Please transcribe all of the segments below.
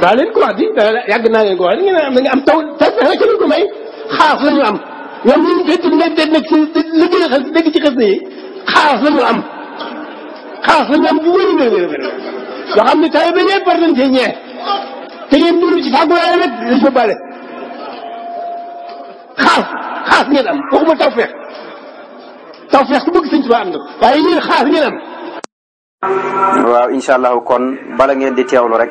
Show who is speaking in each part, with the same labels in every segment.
Speaker 1: daa leen ko wax di yàgg naa ko wax di am taw taw ko may xaas la am ñoom ñu ngi fekk nekk a xas dégg ci xas na yi xaas la am xaas la ñu am bu wér wér wér yoo xam ne taw bi ñëpp war nañ cee te ngeen dund ci fàggulaay rek ko bale xaas xaas ngeen am waxuma taw feex taw ku bëgg sëñ Tuubaa am na waaye ñun xaas ngeen am. waaw incha kon bala ngeen di teewlu rek.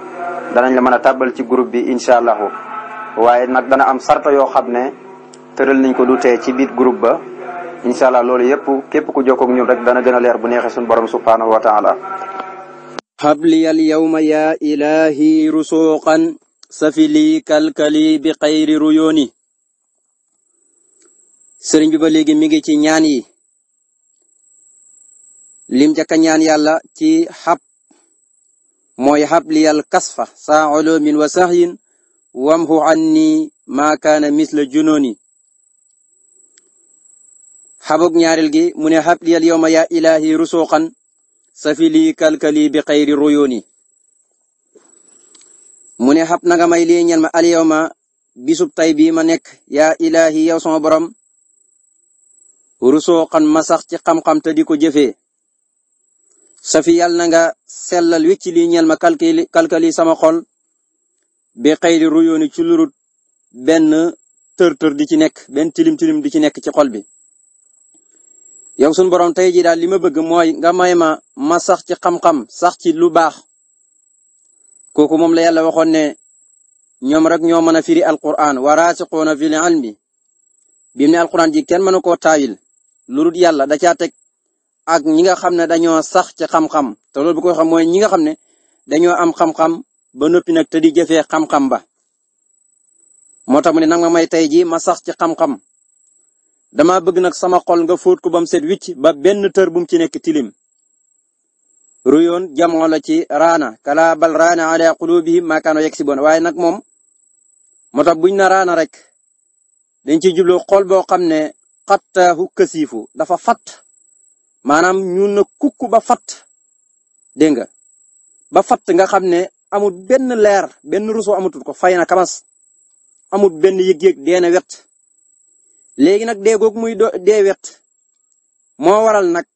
Speaker 1: danañ la mën a tàbbal ci groupe bi incha allahu waaye nag dana am sarta yoo xam ne tëral nañ ko du tee ci biir groupe ba incha allah loolu yëpp képp ku jokkoog ñun rek dana gën leer bu neexee suñu borom subhaanahu wa taala xabliya alyawma yaa ilahi rusuqan safili kalkali bi xayri ruyooni sëriñ bi ba léegi mi ngi ci ñaan yi lim jëkka ñaan yàlla ci xab mooy xabliyal kasfa saa olomin wa saxyin wamhu anni maa kaana misla junooni xabog ñaareel gi mu ne xabliyal yowma yaa ilaahi rusuqan safili kalkali bi xayri ruyooni mu ne xab nanga may lii ñel ma al yowma bisub tay bii ma nekk yaa ilaahi yow sama borom rusuqan ma sax ci xam-xam te di ko jëfee safi yàlla na nga sellal wicc lii ñeel ma kalkali kalkali sama xol bi xëy di ci lurut benn tër-tër di ci nekk benn tilim-tilim di ci nekk ci xol bi yow suñu borom tey jii daal li ma bëgg mooy nga may ma ma sax ci xam-xam sax ci lu baax kooku moom la yàlla waxoon ne ñoom rek ñoo mën a firi alquran wa raasiquuna fil ilmi bi mu ne alquran ji kenn mënu koo taawil lurut yàlla da caa ak ñi nga xam ne dañoo sax ci xam te loolu bu xam mooy ñi nga xam ne dañoo am xam-xam ba noppi nag te di jëfee xam-xam ba moo tax mu ne nag ma may tey jii ma sax ci xam-xam dama bëgg nag sama xol nga fóot ko ba mu set wicc ba benn tër bu mu ci nekk tilim ruyoon jamoo la ci raana kala bal raana ala qulubihim ma kaanu yaksibun waaye nag moom moo tax buñ na raana rek dañ ci jublu xol boo xam ne xattaahu kasiifu dafa fat maanaam ñu na kukk ba fatt dégg nga ba fatt nga xam ne amul benn leer benn ruso amatul ko fay na kamas amul benn yëg-yëg dee na wet léegi nag dee googu muy dee wet moo waral nag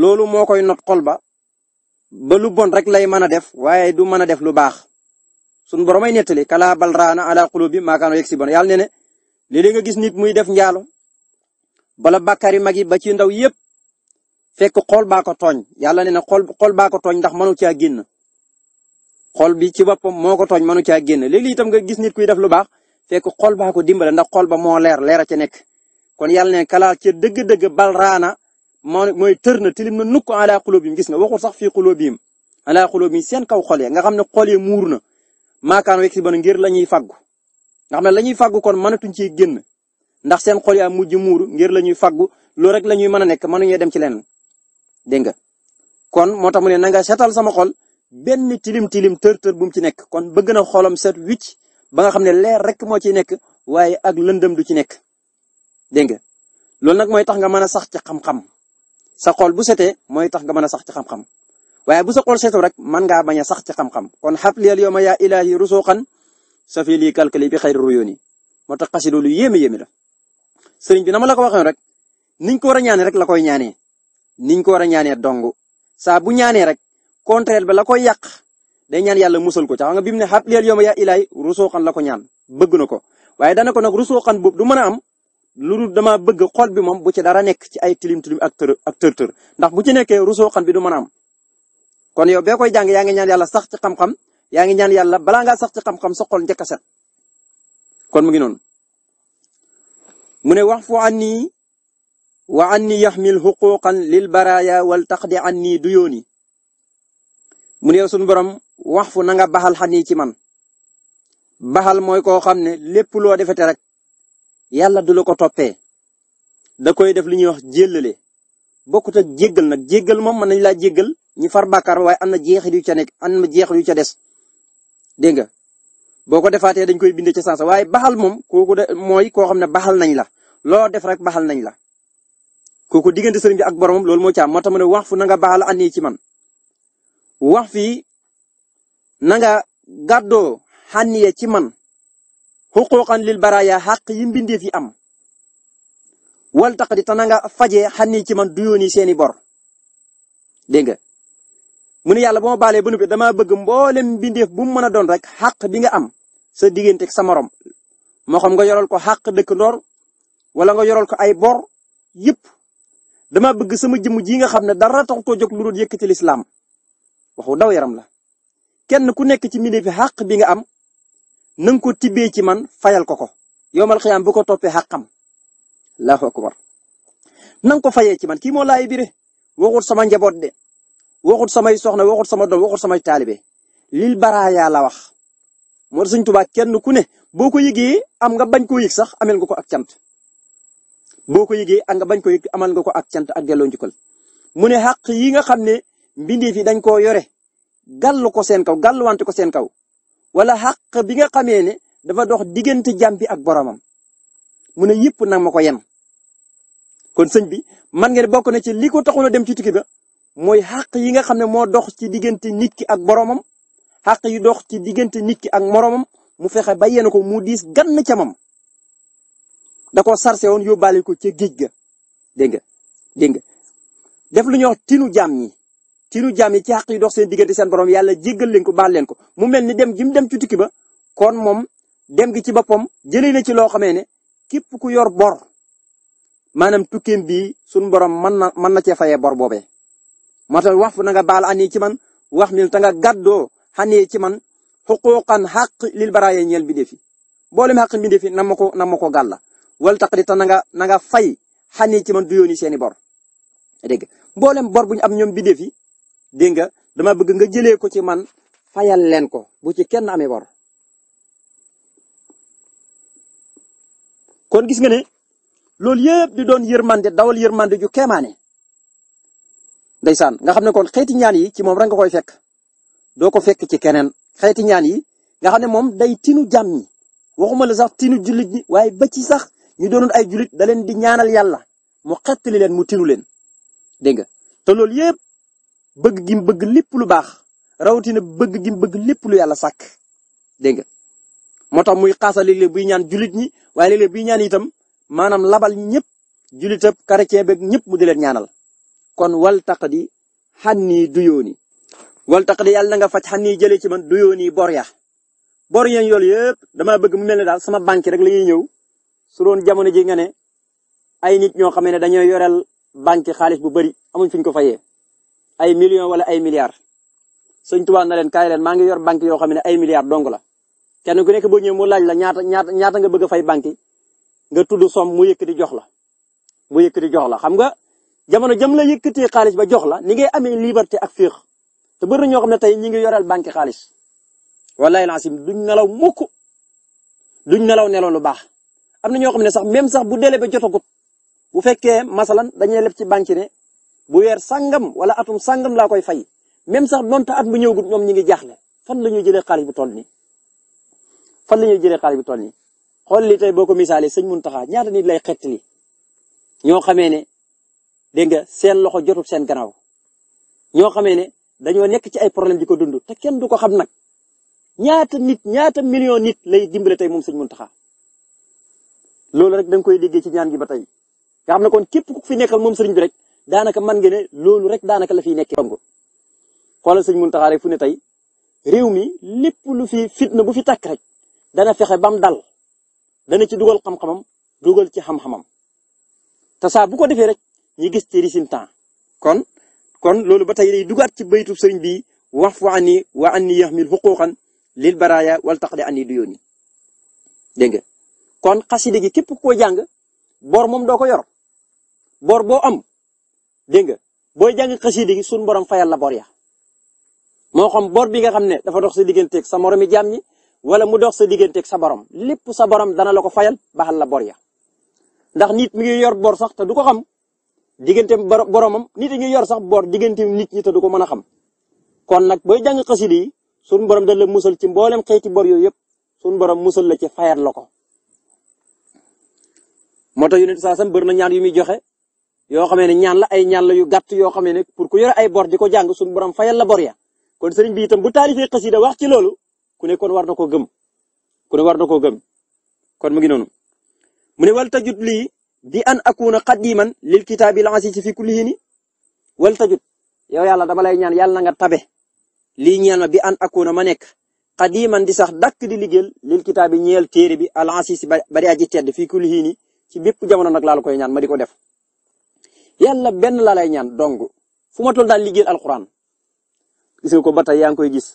Speaker 1: loolu moo koy not xol ba ba lu bon rek lay mën a def waaye du mën a def lu baax sun boromay nettali kala bal raana ala qulubi maa kaanu yaksibuun yàlla ne ne léeg-léeg nga gis nit muy def njaalo bala bàkkaar yu mag yi ba ci ndaw yépp fekk xool baa ko tooñ yàlla nee na xool xool baa ko tooñ ndax mënu caa génn xool bi ci boppam moo ko tooñ mënu caa génn léeg-léeg nga gis nit kuy def lu baax fekk xool baa ko dimbale ndax xool ba moo leer leer a ca nekk kon yàlla ne kalaa ca dëgg-dëgg bal raana moo mooy tër na tilim na nukk ala xulóobihim gis nga waxul sax fii xulóobihim ala xulóobihim seen kaw xol nga xam ne xol ya muur na maakaan wek si bon ngir la ñuy fàggu nga xam ne lañuy ñuy fàggu kon mënatuñ ciy génn ndax seen xol yaa mujj muuru ngir la ñuy fàggu loolu rek la ñuy mën a nekk mënuñoo dem ci leneen dégg nga kon moo tax mu ne na nga seetal sama xol benn tilim tilim tër tër bu mu ci nekk kon bëgg na xolam set wicc ba nga xam ne leer rek moo ciy nekk waaye ak lëndëm du ci nekk dégg nga loolu nag mooy tax nga mën a sax ci xam-xam sa xol bu setee mooy tax nga mën a sax ci xam-xam waaye bu sa xol seetu rek mën ngaa bañ a sax ci xam-xam kon xabli al yawma yaa ilaahi rusuuxan safi li kalkali bi xayri ruyooni moo tax xasida lu yéeme yéeme la sëriñ bi na ma la ko waxee rek niñ ko war a ñaanee rek la koy ñaanee niñ ko war a ñaanee dong saa bu ñaanee rek contraire ba la koy yàq day ñaan yàlla musal ko ca xam nga bi mu ne xab leel yow ma yaa ilaay rusooxan la ko ñaan bëgg na ko waaye dana ko nag rusooxan boobu du mën a am lu dul dama bëgg xol bi moom bu ci dara nekk ci ay tilim tilim ak tër ak tër tër ndax bu ci nekkee rusooxan bi du mën a am. kon yow bee koy jàng yaa ngi ñaan yàlla sax ci xam-xam yaa ngi ñaan yàlla balaa ngaa sax ci xam-xam sa xol njëkk set kon mu ngi noonu mu ne wax foo an wa anni yaxmil xuquqan lil baraaya wal tax taqdi du duyooni mu ne suñu borom wax fu na nga baxal xanii ci man baxal mooy koo xam ne lépp loo defete rek yàlla du la ko toppe da koy def lu ñuy wax jéllale bokkut ak jéggal nag jéggal moom mën nañ laa jéggal ñi far bàkkaar waaye am na jeexit yu ca nekk am na jeexit yu ca des dégg nga boo ko defaatee dañ koy binde ca sansa waaye baxal moom kooku mooy koo xam ne baxal nañ la loo def rek baxal nañ la kooku diggante sëriñ bi ak borom loolu moo ci am moo tax ma wax fu na nga baaxal ànd ci wax fii nanga nga gàddoo xànniye ci man xuquuqan lil baraaya xàq yi mbindeef yi am wal tax di te na nga xan xànni ci man duyooni seeni bor dégg nga mu ne yàlla ba ma baalee ba noppi damaa bëgg mboolem mbindeef bu mu mën a doon rek xàq bi nga am sa digganteeg sa morom moo xam nga yoral ko xàq dëkk ndoor wala nga yoral ko ay bor yëpp dama bëgg sama jëmm ji nga xam ne dara tax koo jóg lu dul yëkkati lislaam waxu daw yaram la kenn ku nekk ci mbindeef bi xàq bi nga am na ko tibbee ci man fayal ko ko yowmal xiyaam bu ko toppee xàqam allahu akbar na nga ko fayee ci man ki moo laay bire waxut sama njaboot de waxut samay soxna waxut sama doom waxut samay taalibe lil baraaya la wax moo Sëñ Tuubaa kenn ku ne boo ko yëgee am nga bañ koo yëg sax amel nga ko ak cant boo ko yëgee ak bañ ko yëg amal nga ko ak cant ak delloo njukkal mu ne xàq yi nga xam ne mbindeef yi dañ koo yore gall ko seen kaw gàlluwante ko seen kaw wala xàq bi nga xamee ne dafa dox diggante jàmm ak boromam mu ne yëpp nag ma ko yem. kon sëñ bi man ngeen bokk na ci li ko taxoon dem ci tukki ba mooy xàq yi nga xam ne moo dox ci diggante nit ki ak boromam xàq yi dox ci diggante nit ki ak moromam mu fexe ba yéene ko mu diis gann camam da koo sarse woon yóbbaale ko ca géej ga dégg nga dégg nga def lu ñuy wax tinu jaam ñi tinu jaam yi ci xaq yi dox seen diggante seen borom yàlla jéggal leen ko baal leen ko mu mel ni dem gi mu dem ci tukki ba kon moom dem gi ci boppam jëlee na ci loo xamee ne képp ku yor bor maanaam tukkeem bii sunu borom mën na mën na cee fayee bor boobee. moo tax wax fu na nga baal ani ci man wax mi ta nga gàddoo xani ci man xuquuqan xaq lil baraaye ñeel bi defi boolem xaq bi defi na ma ko na ma ko gàlla wal taqdi te na nga na fay xanii ci man du yooni seeni bor dégg nga mboolem bor bu ñu am ñoom bindee fi nga dama bëgg nga jëlee ko ci man fayal leen ko bu ci kenn amee bor kon gis nga ne loolu yëpp di doon yërmande dawal yërmande ju day ndeysaan nga xam ne kon xeeti ñaan yi ci moom rek nga koy fekk doo ko fekk ci keneen xeeti ñaan yi nga xam ne moom day tinu jàmm ñi waxuma la sax tinu jullit ñi waaye ba ci sax ñu doonu ay julit da leen di ñaanal yàlla mu xettali leen mu tiru leen dégg nga te loolu yëpp bëgg gim bëgg lépp lu baax rawatina bëgg gim bëgg lépp lu yàlla sàkk dégg nga moo tax muy xaasa léeg-léeg buy ñaan julit ñi waaye léeg-léeg buy ñaan itam maanaam labal ñëpp julitab chrétien beeg ñëpp mu di leen ñaanal kon wal taqdi xannii duyooni wal taqdi yàlla na nga faj xannii jëlee ci man duyooni bor boria bor ya yooyu yëpp damaa bëgg mu mel ne daal sama banque rek la ñuy ñëw su doon jamono ji nga ne ay nit ñoo xam ne dañoo yoreel banque xaalis bu bëri amuñ fi ñu ko fayee ay millions wala ay milliards sëñ Tuubaa na leen kaay leen maa ngi yor banque yoo xam ne ay milliards dong la kenn ku nekk boo ñëwee mu laaj la ñaata ñaata ñaata nga bëgg fay banque nga tudd somme mu yëkkati jox la mu yëkkati jox la xam nga jamono jëm la yëkkatee xaalis ba jox la ni ngay amee liberté ak féex te bëri na ñoo xam ne tey ñi ngi yoreel banque xaalis wallahi laasim duñ nelaw mukk duñ nelaw nelaw lu baax am na ñoo xam ne sax même sax bu délai ba jotagut bu fekkee masalan dañuy leb ci banque ne bu weer sangam wala atum sangam laa koy fay même sax donte at bu ñëwagut ñoom ñi ngi jaaxle fan la ñuy jëlee xaalis bu toll nii fan la ñuy jëlee xaalis bu toll xool li boo ko misaalee sëñ Muntaxa ñaata nit lay xettali ñoo xamee ne dégg nga seen loxo jotul seen gannaaw ñoo xamee ne dañoo nekk ci ay problème di ko dund te kenn du ko xam nag ñaata nit ñaata million nit lay dimbale tey moom sëñ Muntaxa loolu rek da koy déggee ci ñaan gi ba tey nga xam ne kon képp ku fi nekkal moom sëriñ bi rek daanaka man nga ne loolu rek daanaka la fiy nekkee dong xoolal sëñ Muntaxa rek fu ne tey réew mi lépp lu fi fitna bu fi tàkk rek dana fexe bam dal dana ci dugal xam-xamam ci xam te saa bu ko defee rek ñi gis ci résultat kon kon loolu ba tey day dugaat ci baytu sëriñ bi wax fa ani wa anni yaxmil xuquqan lil baraya wal taqli ani du yooni dégg nga kon xaside gi képp ko jàng bor moom doo ko yor bor boo am dégg nga booy jàng xaside gi suñ borom fayal la bor ya moo xam bor bi nga xam ne dafa dox sa digganteeg sa moromi jaam ñi wala mu dox sa digganteeg sa borom lépp sa borom dana la ko fayal baxal la bor ya ndax nit mu yor bor sax te du ko xam diggante boromam nit a ngi yor sax bor diggante nit ñi ta du ko mën a xam kon nag booy jàng xaside yi suñ borom dana la musal ci mboolem xeeti bor yooyu yëpp suñ borom musal la ci fayal la ko. moo tax yonent saasam bëri na ñaan yu muy joxe yoo xamee ne ñaan la ay ñaan la yu gàtt yoo xamee ne pour ku yore ay bor di ko jàng suñu borom fayal la bor ya kon sëriñ bi itam bu taalifee xasida wax ci loolu ku ne kon war na gëm ku ne war na koo gëm kon mu ngi noonu mu ne wal tajut lii bi an akuna qadiman lil kitaabil aziiz fi kulli hiin wal tajut yow yàlla dama lay ñaan yàlla na nga tabe lii ñeel ma bi an akuna ma nekk qadiman di sax dàkk di liggéeyal lil kitaabi ñeel téere bi a aziiz bari aji tedd fi kulli hiin ci bépp jamono nag laa ko koy ñaan ma di ko def yàlla benn laa lay ñaan dong fu ma toll daal liggéeyal alxuraan gis ko ba tey yaa ngi koy gis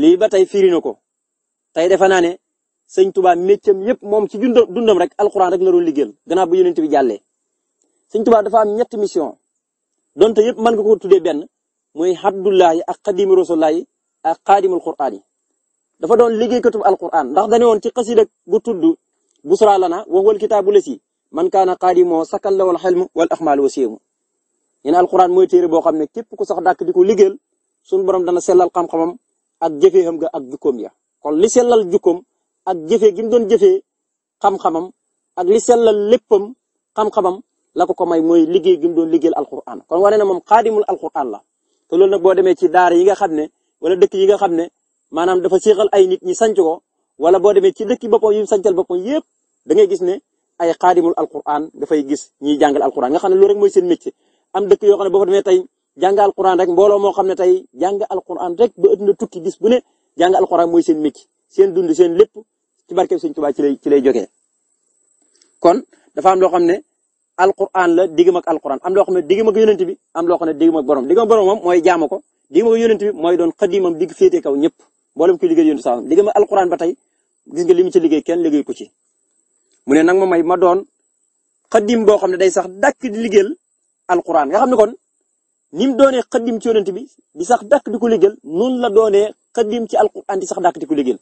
Speaker 1: lii ba tey firi na ko tey defe naa ne sëñ Tuba méccam yépp moom si dundam rek alxuraan rek la doon liggéeyal gannaaw bu yonent bi jàllee. tubaa Tuba ñett am ñetti mission donte yépp mën nga ko tuddee benn mooy Abdullahi ak Xaadimu Rasulillahi ak Xaadimul Quraan dafa doon liggéeykatub alxuraan ndax dañu woon ci xasida bu busra lana wa huwa alkitaabu lasi man kaana qaadimoo sakkal la wal xelmu wal axmaal wa séemu ñu ne alquran mooy téere boo xam ne képp ko sax dàkk di ko liggéeyal suñu borom dana sellal xam-xamam ak jëfeexam ga ak jukkoom ya kon li sellal jukkoom ak jëfee gi mu doon jëfee xam-xamam ak li sellal léppam xam-xamam la ko ko may mooy liggéey gi mu doon liggéeyal alquran kon wane na moom xaadimul alquran la te na nag boo demee ci daara yi nga xam ne wala dëkk yi nga xam ne maanaam dafa séexal ay nit ñi sanc ko wala boo demee ci dëkki boppam yu sancal boppam yëpp da ngay gis ne ay xaadimul alquran nga fay gis ñiy jàngal alquran nga xam ne loolu rek mooy seen métier am dëkk yoo xam ne boo fa demee tey jàng alquran rek mbooloo moo xam ne tey jàng alquran rek ba ëdduna tukki bis bu ne jàng alquran mooy seen métier seen dund seen lépp ci barkeb Sëñ Tuubaa ci lay ci lay jógee. kon dafa xam ne alquran loo xam ne diggam ak yonent ko diggam ak yonent bi ñëpp mboolem kuy liggéey yonent saa diggam ak alquran ba tey gis nga li mu ci liggéey ken liggéey ko ci mu ne nag ma may ma doon xaddim boo xam ne day sax dakk di liggéeyal alquran nga xam ne kon ni mu doonee xaddim ci yonent bi di sax dakk di ko liggéeyal noonu la doonee xaddim ci alquran di sax dakk di ko liggéeyal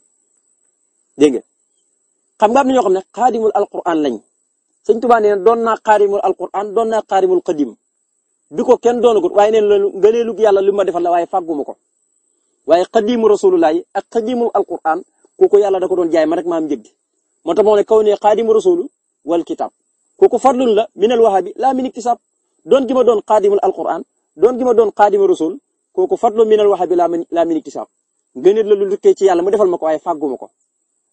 Speaker 1: dégg nga xam nga am na ñoo xam ne xaadimul alquran lañ sëñ Tuubaa nee na doon naa xaadimul alquran doon naa xaadimul xaddim bi ko kenn doonagut waaye neen loolu ngëneelu yàlla li ma defal la waaye fàgguma ko waaye xaddimu ko yàlla da ko doon jaay ma rek maam njëg gi moo tax moo ne kaw ne xaadimu ko wal kitab kooku fadlun la minal wahabi laa min iktisab doon gi ma doon xaadimul alquran doon gi ma doon xaadimu rasul kooku fadlun minal wahabi laa min iktisab ngëneet la lu lukkee ci yàlla mu defal ma ko waaye fàgguma ko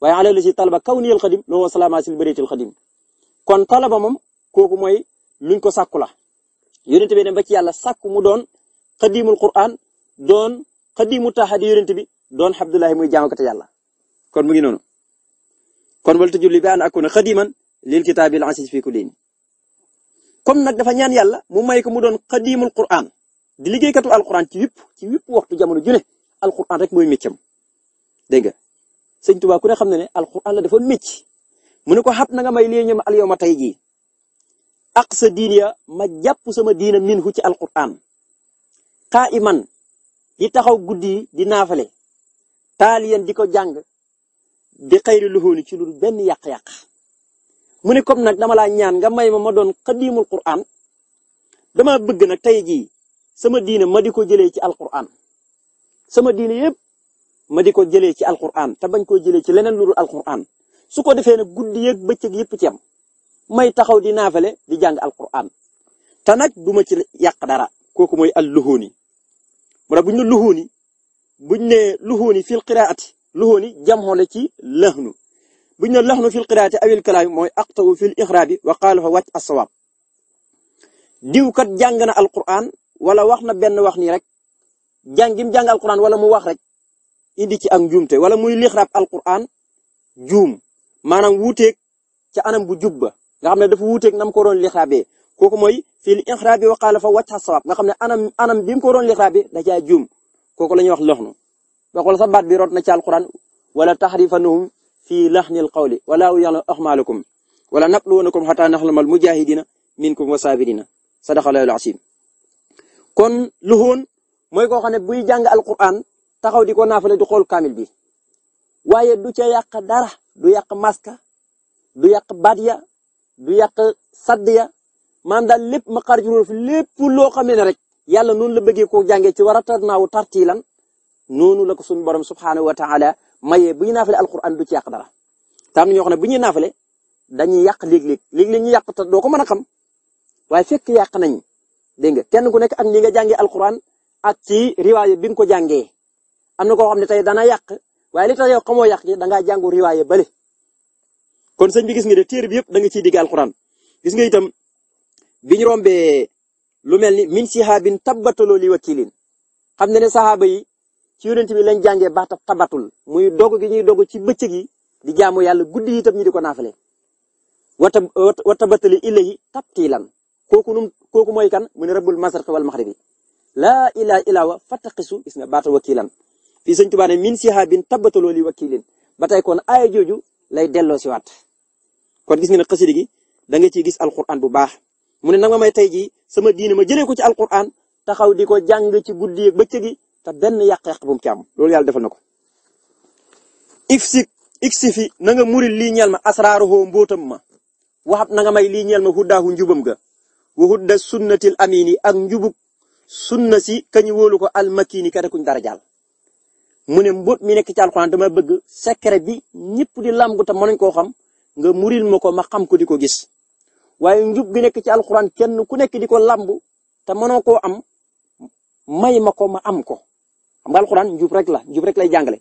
Speaker 1: waaye ala la si talaba kaw niyal xadim loo wa salaama sil bëreetil xadim kon talaba moom kooku mooy luñ ko sàkku la yonente bi dem ba ci yàlla sàkku mu doon xadimul quran doon xadimu taxa di yonente bi doon Abdullahi muy jaamukate yàlla kon mu ngi noonu kon wal tujulli bi an akuna xadiman lil kitaabil aziz fi kulli comme nag dafa ñaan yàlla mu may ko mu doon xadimul quran di liggéeykatu alquran ci yëpp ci yëpp waxtu jamono ju ne alquran rek mooy méccam nga sëñ ku ne xam na ne alquran la dafa mécc mu ne ko xat na nga may lii ñoom al yow ma tey jii sa diin ya ma jàpp sama diina minhu ci alquran xaa iman di taxaw guddi di naafale taaliyan di ko jàng bi xayri luxooni ci lu benn yàq-yàq mu ne comme nag dama laa ñaan nga may ma ma doon xadiimul quraan dama bëgg nag tey jii sama diine ma di ko jëlee ci alquraan sama diine yëpp ma di ko jëlee ci alquraan te bañ koo jëlee ci leneen lu dul alquraan su ko defee nag guddi yeeg bëccëg yëpp ci may taxaw di naafale di jàng alquraan te nag duma ci yàq dara kooku mooy al luxooni. wala bu ñu ne luxooni fil qiraati luxooni jamxo la ci laxnu bu ñu ne laxnu fil qiraati awil kalaami mooy aqtawu fil ixraabi wa qaalafa wàcc assawaab diw kat jàng na alquran wala wax na benn wax nii rek jàngim jàng alquran wala mu wax rek indi ci ak njuumte wala muy lixraab alquran juum maanaam wuuteeg ca anam bu jub ba nga xam ne dafa wuuteeg nam ko doon lixraabee kooku mooy fil ixraabi wa fa wàcc assawaab nga xam ne anam anam bi mu ko doon lixraabee da caa juum kooku la ñuy wax laxnu ba xool sa baat bi rot na ci alquran wala taxrifanahum fi laxnil qawli wala ya'lamu axmaalakum wala nabluwanakum xataa naxlamal mujahidina minkum wa saabirina sadaqa llaahu l-asiim kon lu woon mooy koo xam ne buy jàng alquran taxaw di ko naafale di xool kaamil bi waaye du ca yàq dara du yàq maska du yàq baat ya du yàq sadd ya maam daal lépp ma xarjuroo fi lépp loo xam ne rek yàlla noonu la bëggee ko jàngee ci war a tarnaawu tartiilan noonu la ko suñu borom subxanahu wa ta'ala mayee bu ñu naafale alquran du ci yàq dara te am na ñoo xam ne bu ñuy naafale dañuy yàq léeg-léeg léeg-léeg ñu yàq ta doo ko mën a xam waaye fekk yàq na dégg nga kenn ku nekk ak ñi nga jàngee alquran ak ci riwaaya bi nga ko jàngee am na koo xam ne tey dana yàq waaye li tax yow xamoo yàq gi da ngaa jàngu riwaaya bële. kon sëñ bi gis nga de téere bi yëpp da nga ciy digg alquran gis nga itam bi ñu rombee lu mel ni min sihaabin tabbataloo li wakilin xam ne ci yonent bi lañ jàngee baata tabatul muy dogg gi ñuy dogo ci bëccëg yi di jaamu yàlla guddi yi itam ñu di ko naafale wata wata batali ilahi tabtilan kooku num kooku mooy kan mu ne rabbul masriqi wal maghribi laa ilaha illa wa fattaqisu gis nga baata wakilan fii sëñ Tuubaa ne min sihaabin tabataloo li wakilin ba tey kon aaya jooju lay delloo si waat kon gis nga ne xasida gi da nga ciy gis alquran bu baax mu ne nag ma tey ji sama diine ma jëlee ko ci alquran taxaw di ko jàng ci guddi ak gi a benn yàq-yàq bu mu ci am loolu yàlla defal na ko. ifsik iksifi na nga muri ñeel ma asraaruhu mbóotam ma waxab na nga may lii ñeel ma huddaahu njubam ga wa hudda sunnatil amini ak njubug sunna si kañu wóolu ko almakini ka kuñ dara jaal. mu ne mbóot mi nekk ci alxuraan dama bëgg secret bi ñëpp di làmb te mënuñ koo xam ma ko ma ko di ko gis waaye njub gi nekk ku nekk di ko làmb te mënoo koo am may ma ko ma am ko xam nga alxuraan njub rek la njub rek lay jàngale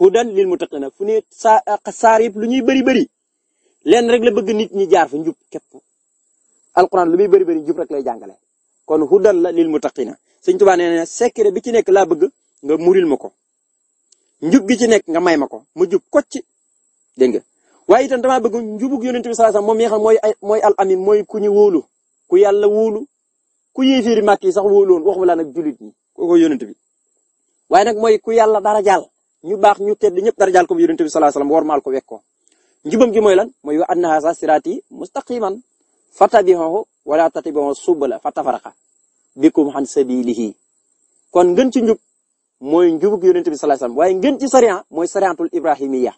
Speaker 1: hudan lil muttaqina fu ne saa saar lu ñuy bëri bëri leen rek la bëgg nit ñi jaar fa njub képp alxuraan lu muy bëri bëri njub rek lay jàngale kon hudan la lil muttaqina sëñ Tuubaa nee na secret bi ci nekk laa bëgg nga muril ma ko njub gi ci nekk nga may ma ko mu jub kocc dégg nga waaye itam damaa bëgg njubug yonent bi sallallahu alayhi wasallam moom mi nga xam mooy mooy al mooy ku ñu wóolu ku yàlla wóolu ku yéeféeri màkk yi sax wóolu woon waxuma laa nag julit bi waaye nag mooy ku yàlla dara jaal ñu baax ñu tedd ñëpp dara jaal ko yonent bi sallallahu alayhi wasallam wormaal ko wekk ko njubam gi mooy lan mooy wa anna haza sirati mustaqiman fatabihu wala tatabihu subula fatafaraqa bikum han sabilihi kon ngën ci njub mooy njubug yonent bi sallallahu alayhi wasallam waaye ngën ci sariya mooy sariyatul ibrahimiyya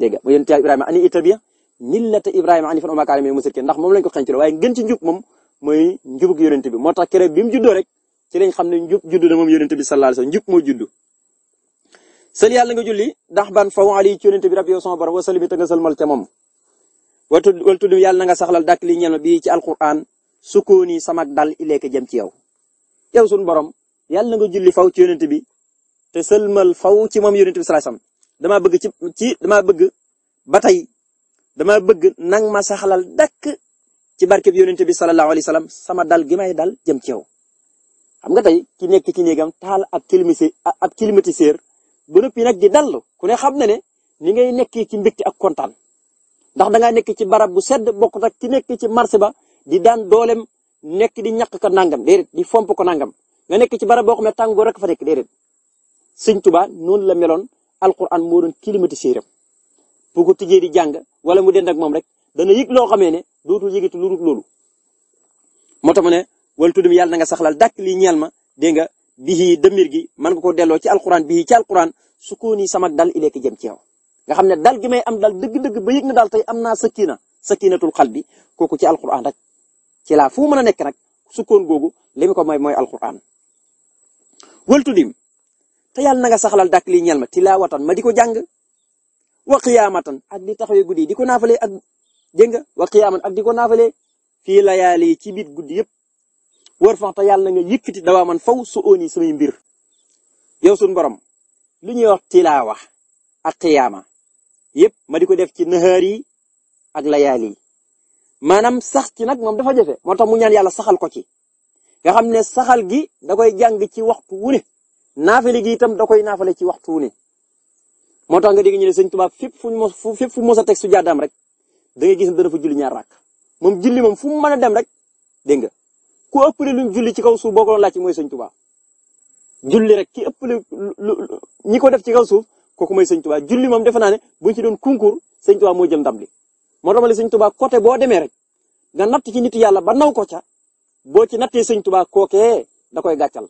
Speaker 1: dégg nga mooy yonent Ibrahima ani itabiya millata Ibrahima anifan wa ma kaana minal mushrikiin ndax moom lañ ko xënc waaye ngën ci njub moom mooy njubug yonent bi moo tax kere bi mu juddoo rek ci lañ xam ne njub judd na moom yonent bi sallallahu alayhi wasallam njub moo judd sël yàlla nga julli ndax ban faw ali ci yonent bi rab yow sama borom wasali bi te nga sëlmal ca moom wal tudd yàlla na nga saxlal dàkk li ñel ma bii ci alquran sukkooni samak dal ileeka jëm ci yow yow suñu borom yàlla na nga julli faw ci yonent bi te sëlmal faw ci moom yonent bi sallallahu alayhi wasallam damaa bëgg ci ci damaa bëgg ba tey dama bëgg nang ma saxlal dàkk ci barkeb yonent bi sallallahu alayhi wasallam sama dal gi may dal jëm ci yow xam nga tey ki nekk ci néegam taal ab climatiseur ab climatiseur ba noppi nag di dallu ku ne xam na ne ni ngay nekkee ci mbégte ak kontaan ndax da ngaa nekk ci barab bu sedd bokkut ak ki nekk ci marché ba di daan doolem nekk di ñàkk ko nangam déedéet di fomp ko nangam nga nekk ci bara boo xam ne tàngoor rek fa nekk déedéet. sëñ Tuba noonu la meloon alquran moo doon climatiseur am bu ko tijjee di jàng wala mu dend ak moom rek dana yëg loo xamee ne dootul yëgati lu dul loolu moo mu ne. wala tuddum yàlla na nga saxlal dàkk lii ñeel ma dégg nga bii gi mën nga ko delloo ci alquran bii ci alquran sukuuni sama dal ileeki jëm ci yow. nga xam ne dal gi may am dal dëgg-dëgg ba yëg na daal tey am naa sakina sakinatul xal bi kooku ci alquran rek ci laa fu mën a nekk nag sukkoon googu li ko may mooy alquran. wal tudim te yàlla na nga saxlal dàkk lii ñeel ma tilaawatan ma di ko jàng wa qiyaamatan ak di taxawee guddi di ko naafalee ak dégg nga wa qiyaaman ak di ko naafalee fii layaali ci biir guddi yëpp war fax te yàlla na nga yëkkati dawaa man faw su oon yi samay mbir yow suñu borom lu ñuy wax tilaawa ak xiyaama yëpp ma di ko def ci nahaar yi ak layaali yi maanaam sax ci nag moom dafa jafe moo tax mu ñaan yàlla saxal ko ci nga xam ne saxal gi da koy jàng ci waxtu wu ne naafale gi tam da koy naafale ci waxtu wu ne moo tax nga dégg ñu ne sëñ Tuubaa fépp fu mu fépp fu mu sa teg su jaadaam rek da gis ne dana fa julli ñaar rakk moom julli moom fu mu mën a dem rek dégg nga ku ëppale luñ julli ci kaw suuf boo ko doon laaj mooy sëñ Tuubaa julli rek ki ëppale lu ñi ko def ci kaw suuf kooku mooy sëñ Tuubaa julli moom defe naa ne buñ ci doon concours sëñ Tuubaa moo jël ndam li moo tax ma ne sëñ Tuubaa côté boo demee rek nga natt ci nit yàlla ba naw ko ca boo ci nattee sëñ Tuubaa kookee da koy gàccal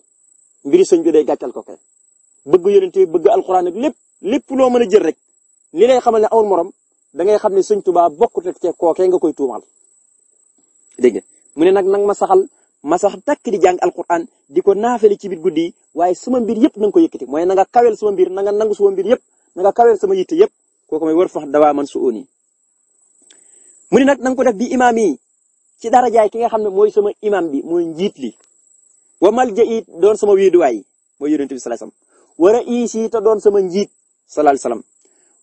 Speaker 1: mbiri sëñ bi day gàccal kookee bëgg yonent bi bëgg alxuraan ak lépp lépp loo mën a jël rek li lay xamal ne awul morom da ngay xam ne sëñ Tuubaa bokkut rek cee kookee nga koy tuumaal dégg ma saxal ma sax takk di jàng alquran di ko naafale ci biir guddi waaye sama mbir yëpp na nga ko yëkkati mooy na nga kawel sama mbir na nga nangu sama mbir yëpp na nga kawel sama yitte yëpp kooku may war fax dawaa man su óoni mu nag na ko def bi imaam yi ci dara jaay ki nga xam ne mooy sama imaam bi mooy njiit li wa malja it doon sama wéeduwaay mooy yonent bi sallallahu alayhi wasallam wa ra'iis yi te doon sama njiit sallallahu alayhi wasallam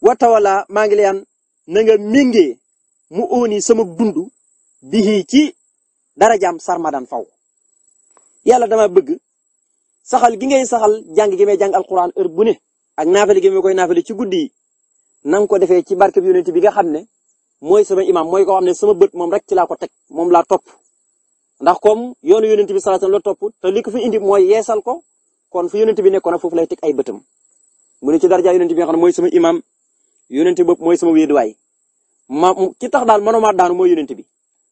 Speaker 1: wa tawala maa ngi leen na nga méngee mu óoni sama dund dara jaam daan faw yàlla dama bëgg saxal gi ngay saxal jàng gi may jàng alquran heure bu ne ak naafale gi koy naafale ci guddi yi ko defee ci barke bi yonent bi nga xam ne mooy sama imam mooy koo xam ne sama bët moom rek ci laa ko teg moom laa topp ndax comme yoonu yonent bi sallallahu alayhi la topp te li fi indi mooy yeesal ko kon fu yonent bi nekkoon foofu lay teg ay bëtam mu ne ci daraja yonent bi nga xam mooy sama imam yonent bopp mooy sama wéeduwaay ma ci tax daal mënuma daanu mooy yonent bi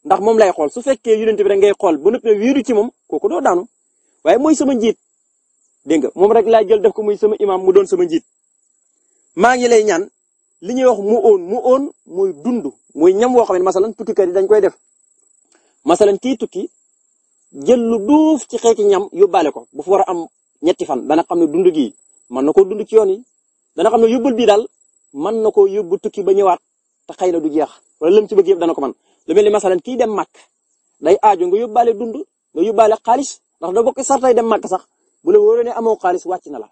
Speaker 1: ndax moom lay xool su fekkee yonent bi rek ngay xool ba noppi wéeru ci moom kooku doo daanu waaye mooy sama njiit dégg nga moom rek laa jël def ko muy sama imaam mu doon sama njiit. maa ngi lay ñaan li ñuy wax mu oon mu oon mooy dund mooy ñam woo xam ne masalan tukkikat yi dañ koy def masalan kii tukki jël lu duuf ci xeeti ñam yóbbaale ko bu fa war a am ñetti fan dana xam ne dund gii mën na koo dund ci yoon yi dana xam ne yóbbul bii daal mën na koo yóbbu tukki ba ñëwaat te xëy na du jeex wala lëm ci bëgg yëpp dana ko man lu mel ni masalan kii dem màkk day aajo nga yóbbaale dund nga yóbbaale xaalis ndax da bokk sartay dem màkk sax bu la wóoree ne amoo xaalis wàcc na la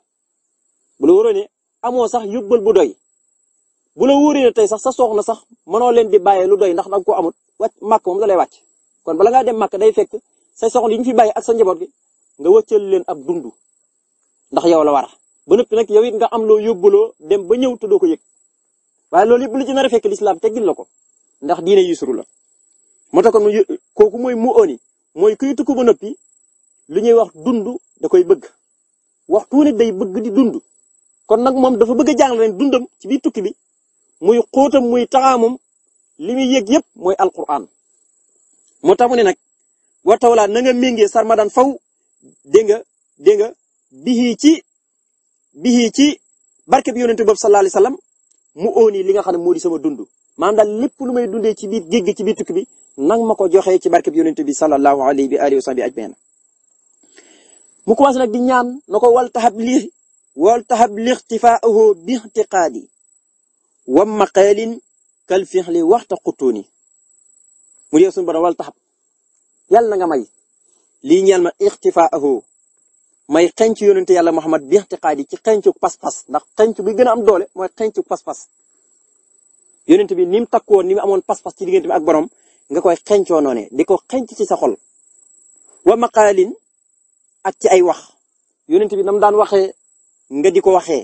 Speaker 1: bu la wóoree amoo sax yóbbal bu doy bu la wóoree tey sax sa na sax mënoo leen di bàyyee lu doy ndax danga ko amut wàcc màkk moom da lay wàcc kon bala ngaa dem màkk day fekk sa soxna yi ñu fi bay ak sa njaboot gi nga wëccal leen ab dund ndax yow la war a ba noppi nag yow it nga am loo yóbbuloo dem ba ñëw te doo ko yëg waaye loolu yëpp lu ci nar a fekk lislaam teggil la ko ndax diine yusru la moo tax kon kooku mooy mu oni mooy kuy tukku ba noppi li ñuy wax dund da koy bëgg waxtu ne day bëgg di dund kon nag moom dafa bëgg a jàngale leen dundam ci biir tukki bi muy xóotam muy taxaamam li muy yëg yëpp mooy alquran moo tax mu ne nag watawlaa na nga méngee sarmadan faw dégg nga dégg nga bixii ci bixii ci barke bi yonente boobu sallallahu alayhi wasallam mu óoni li nga xam ne moo di sama dund maanaam daal lépp lu may dundee ci biir géej gi ci biir tukki bi nang ma ko joxe ci barkeb yonent bi sallallahu alayhi wa alihi wa sahbihi ajmaina mu commencé nag di ñaan na ko wal tahab li wal tahab li ixtifaahu bi ixtiqaadi wa maqaalin kal fixli waxta qutuuni mu yow suñu ba wal tahab yàlla na nga may lii ñeel ma ixtifaahu may xenc yonente yàlla Muhammad bi ixtiqaadi ci xencu pas ndax xencu bi gën a am doole mooy xencu pas-pas yonente bi ni mu takkoon ni amoon pas-pas ci diggante bi ak borom nga koy xencoo noone di ko xenc ci sa xol wa maqaalin ak ci ay wax yonent bi nam daan waxe nga di ko waxee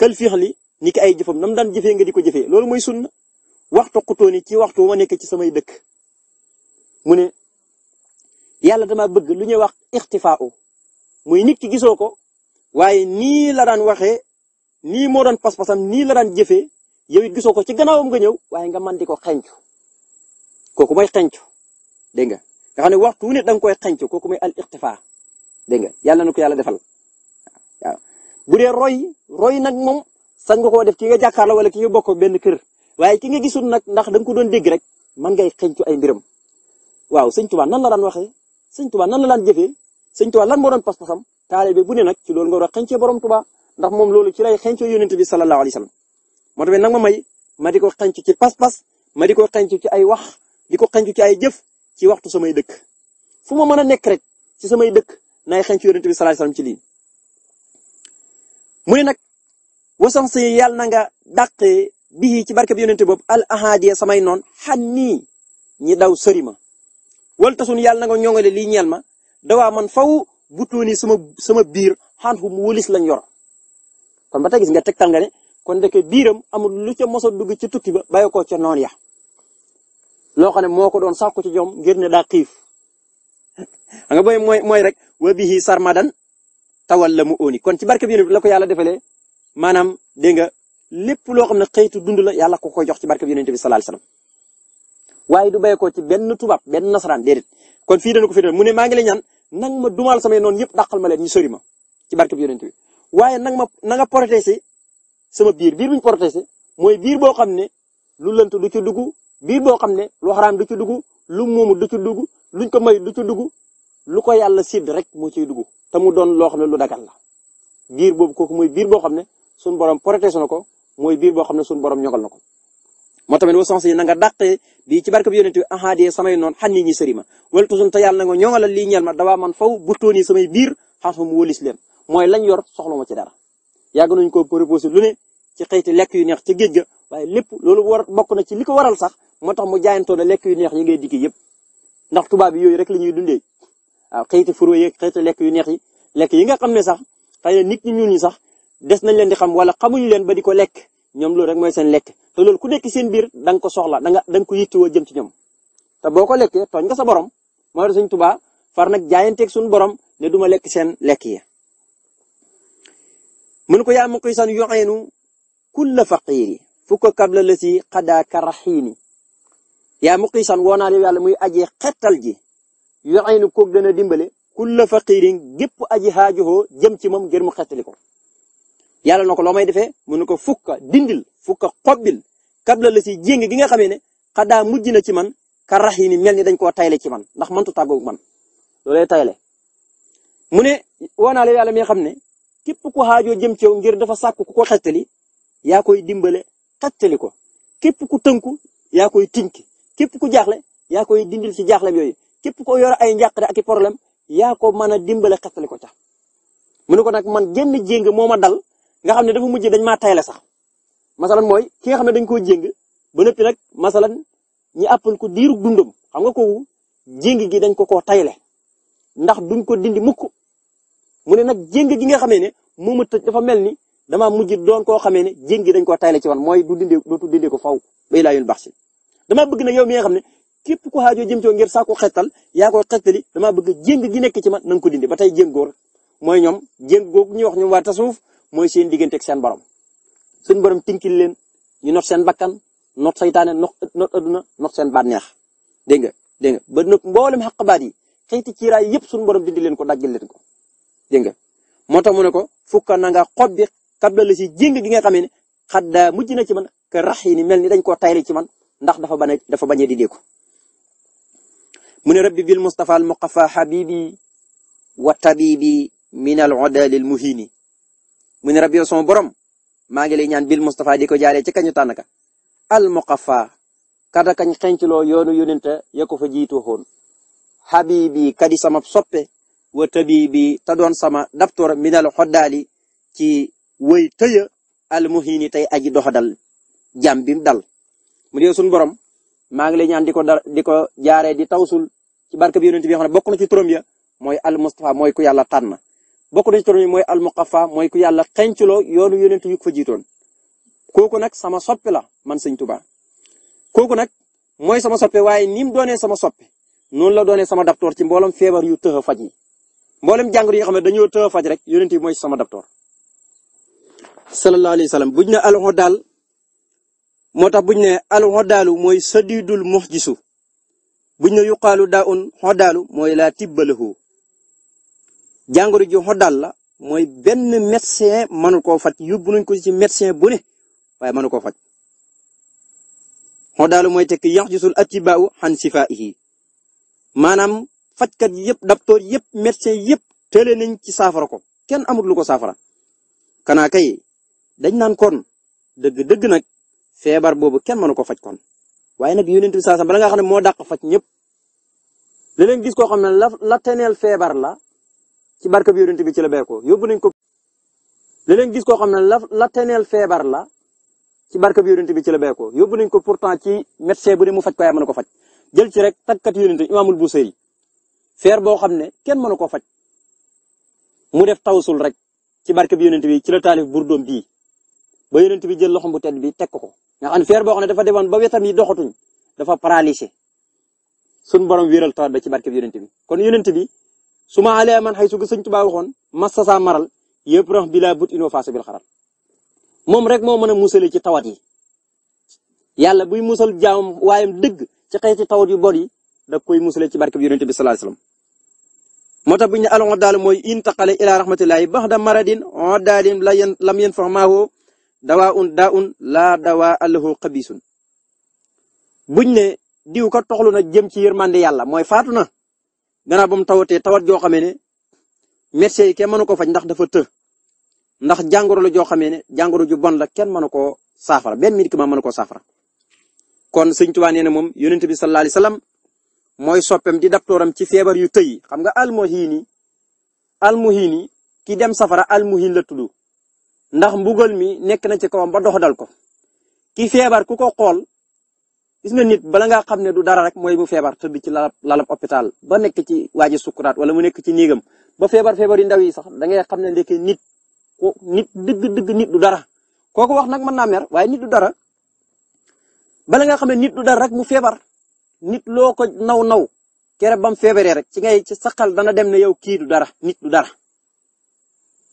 Speaker 1: kal fiixli ni ki ay jëfam nam daan jëfee nga di ko jëfee loolu mooy sunna waxtu xutooni ci waxtu ma nekk ci samay dëkk mu ne yàlla dama bëgg lu ñuy wax ixtifaau muy nit ki gisoo ko waaye nii la daan waxe nii moo daan pas nii la daan jëfe yow gisoo ko ci gannaawam nga ñëw waaye nga man di ko xencu kooku mooy xencu dégg nga nga xam waxtu wu da nga koy xencu kooku mooy al ixtifa dégg nga yàlla na ko yàlla defal waaw bu dee roy roy nag moom sañ nga koo def ki nga jàkkaarloo wala ki nga bokk benn kër waaye ki nga gisul nag ndax da nga ko doon dégg rek man ngay xencu ay mbiram waaw sëñ Tuubaa nan la daan waxee sëñ Tuubaa nan la daan jëfee sëñ Tuubaa lan moo doon pas-pasam taalibe bu ne nag ci loolu nga war a xencee borom Tuubaa ndax moom loolu ci lay xencoo bi sallallahu alayhi wasallam moo tax nag ma may ma di ko xenc ci pas-pas ci ay wax di ko xencu ci ay jëf ci waxtu samay dëkk fu ma mën a nekk rek ci samay dëkk nay xencu yonent bi sallallahu alayhi wasallam ci lii mu ne nag wasan sa yàlla na nga dàqee bii ci barke bi yonent boobu al ahadiya samay noon xan nii ñi daw sëri ma wal tasun yàlla na nga ñoŋale lii ñeel ma dawaa man faw butooni sama sama biir xaan fu mu wëlis lañ yor kon ba tey gis nga tegtal nga ne kon dëkk biiram amul lu ca mos dugg ci tukki ba bàyyi ko ca noon ya loo xam ne moo ko doon sàkku ci ñoom ngir ne daa xiif xam nga booy mooy mooy rek wa sar sarmadan tawal la mu óoni kon ci barke bi yonent bi la ko yàlla defalee maanaam dégg nga lépp loo xam ne xëytu dund la yàlla ko koy jox ci barke bi yonent bi sallallahu alayhi wasallam waaye du bàyyi ko ci benn tubaab benn nasaraan déedéet kon fii dana ko firndeel mu ne maa ngi lay ñaan nang ma dumaal samay noon yëpp dàqal ma leen ñu sori ma ci barke bi yonent bi waaye nag ma na nga protéger sama biir biir bu ñu protéger mooy biir boo xam ne lu lënt du ci dugg biir boo xam ne lu xaraam du ci dugg lu moomu du ci dugg luñ ko may du ci dugg lu ko yàlla sidd rek moo ciy dugg te mu doon loo xam ne lu dagal la biir boobu kooku mooy biir boo xam ne suñu borom protéger na ko mooy biir boo xam ne suñu borom ñogal na ko moo tamit wa sens yi na nga dàqee bii ci barke bi yonent bi ahadee samay noon xan ni ñi sëri ma wala tusun te yàlla na nga ñoŋalal lii ñeel ma dawaa man faw buttoon yi samay biir xan fa mu wólis leen mooy lañ yor soxla ma ci dara yàgg nañ ko proposé lu ne ci xëyti lekk yu neex ci géej ga waaye lépp loolu bokk na ci li ko waral sax moo tax mu jaayantoo na lekk yu neex yi ngay dikki yëpp ndax tubaab yooyu rek la ñuy dundee waaw xëyti furwe yeeg xëyti lekk yu neex yi lekk yi nga xam ne sax xëy na nit ñi ñuul ñi sax des nañ leen di xam wala xamuñu leen ba di ko lekk ñoom loolu rek mooy seen lekk te loolu ku nekk seen biir da ko soxla da nga da nga ko yittewoo jëm ci ñoom te boo ko lekkee tooñ nga sa borom moo tax Sëñ Tuubaa far nag jaayanteeg suñu borom ne duma lekk seen lekk yi mun ko yaa mu qiisan yu'inu kulla faqiiri fukka kabla la si xadaa ka yaa muqiisan woo naa yow yàlla muy aji xettal ji yoxee nu koog dana dimbale kulla faqirin gépp aji xaajowoo jëm ci moom ngir mu xettali ko yàlla na ko loo may defee mu ne ko fukka dindil fukka xobbil kabla la si jéng gi nga xamee ne xadaa mujj na ci man ka rax yi ni mel ni dañ koo tayle ci man ndax mëntu tàggoog man loolay tayle mu ne woo naa la yàlla mi nga xam ne képp ku xaajoo jëm ci yow ngir dafa sàkk ku ko xettali yaa koy dimbale xettali ko képp ku tënku yaa koy tinki képp ku jaaxle yaa koy dindil ci jaaxlem yooyu képp ko yor ay njàqare aki i problème yaa ko mën a dimbale xetali ko ca mu ne ko nag man genn jéng moo ma dal nga xam ne dafa mujj dañ maa tayle sax masalan mooy ki nga xam dañ koo jéng ba noppi nag masalan ñi àppal ko diiru dundam xam nga kooku jéng gi dañ ko koo tayle ndax duñ ko dindi mukk mu ne nag jéng gi nga xamee ne moo ma tëj dafa mel ni damaa mujj doon koo xamee ne jéng gi dañ ko tayle ci wan mooy du dindee dootu dindee ko faw bay laayul baax damaa bëgg nag yow mi nga xam ne képp ku xaajoo jëm ci ngir saako xettal yaa koy xettali dama bëgg jéng gi nekk ci man ko dindi ba tey jéng góor mooy ñoom jéng googu ñuy wax ñoom waa tasawuf mooy seen diggante ak seen borom seen borom tinkil leen ñu not seen bakkan not saytaane not not adduna not seen bànneex dégg nga dégg ba nag mboolem xaqabaat yi xeeti ciiraay yëpp suñu borom dindi leen ko daggal leen ko dégg nga moo tax mu ne ko fukka na nga xob bi kabla la si jéng gi nga xamee ne xaddaa mujj na ci man ka rax yi ni mel ni dañ koo tayli ci man ndax dafa bañ a dafa bañ a dideeku mu ne rabbi bil mustafa al muqafa habibi wa tabibi min al al muhini mu ne rabbi yow sama borom maa ngi lay ñaan bil mustafa di ko ci kañu tànn ka al muqafa kada kañ xencloo yoonu yonente ya ko fa jiitu woon habibi kadi sama soppe wa tabibi ta doon sama daptor min al udali ci way tëya al muhini tey aji doxadal jam dal mu dee suñu borom maa ngi lay ñaan di ko dar di ko jaaree di tawsul ci barke bi yonent bi nga xam bokk na ci turam ya mooy al Mustafa mooy ku yàlla tànn bokk na ci turam yi mooy al Muqaffa mooy ku yàlla xenculoo yoonu yonent yu ko fa jiitoon kooku nag sama soppe la man sëñ Tuubaa kooku nag mooy sama soppe waaye ni mu doonee sama soppe noonu la doone sama daptoor ci mboolem feebar yu tëx a faj yi mboolem jàngoro yi nga xam ne dañoo tëx faj rek yonent bi mooy sama daptoor sallallahu moo tax bu ñu nee al xoddaalu mooy sadidul muxjisu bu ñu ne yuqaalu daa un xoddaalu mooy laa tibbalahu jàngoro ji xoddaal la mooy benn médecin mënu ko faj yóbbu nañ ko ci médecin bu ne waaye mënu koo faj xoddaalu mooy tekki yaxjisul atibaaw xan sifaa'ihi maanaam fajkat yëpp docteur yëpp médecin yëpp tële nañ ci saafara ko kenn amul lu ko saafara. kanaa kay dañ naan kon dëgg dëgg nag. feebar boobu kenn mënu ko faj kon waaye nag yonent bi saasam bala nga xam ne moo dàq faj ñëpp leneen gis koo xam ne la la teneel feebar la ci barke bi yonent bi ci la beekoo yóbbu nañ ko. leneen gis koo xam ne la la teneel feebar la ci barke bi yonent bi ci la yóbbu nañ ko pourtant ci médecin bu ne mu faj ko waaye mën ko faj jël ci rek takkat yonent bu Busayri feer boo xam ne kenn mënu ko faj mu def tawsul rek ci barke bi yonent bi ci la taalif burdoom bii ba yonent bi jël loxom bu tedd bi teg ko ko nga xam ne feer boo xam ne dafa demoon ba wetam yi doxatuñ dafa paralysé sun borom wéeral tawat ba ci barkeb yonent bi kon yonent bi su ma alee man xëy su ko sëñ Tuubaa waxoon massa saa maral yëpp rax bi laa but inoo faasa bil xaral moom rek moo mën a musale ci tawat yi yàlla buy musal jaamam waayam dëgg ci xeeti tawat yu bon yi da koy musale ci barkeb yonent bi sallallahu alayhi wasallam moo tax bu ñu ne alon daal mooy intaqale ila rahmatillahi baxda maradin on daalin la lam yen fax maawoo dawaa un daa un laa dawaa allahu xabiisun buñ ne diw ko toxlu na jëm ci yërmande yàlla mooy faatu na gannaaw ba mu tawatee tawat joo xamee ne médecin yi kenn mënu ko faj ndax dafa të ndax jàngoro la joo xamee ne jàngoro ju bon la kenn mënu koo saafara benn médicament mënu koo safara kon Sëñ Tuubaa nee na moom yonent bi sallallahu alayhi wasallam mooy soppeem di daptooram ci feebar yu tëy xam nga almuhini almuhini ki dem safara almuhin la tudd ndax mbugal mi nekk na ci kawam ba dox dal ko ki feebar ku ko xool gis na nit bala ngaa xam ne du dara rek mooy mu feebar ta bi ci lalab lalab hôpital ba nekk ci waaji sukuraat wala mu nekk ci néegam ba feebar feebar yu yi sax da ngay xam ne ndeke nit ko nit dëgg dëgg nit du dara kooku wax nag mën naa mer waaye nit du dara bala nga xam ne nit du dara rek mu feebar nit loo ko naw naw kere bam feebaree rek ci ngay ci saxal dana dem ne yow kii du dara nit du dara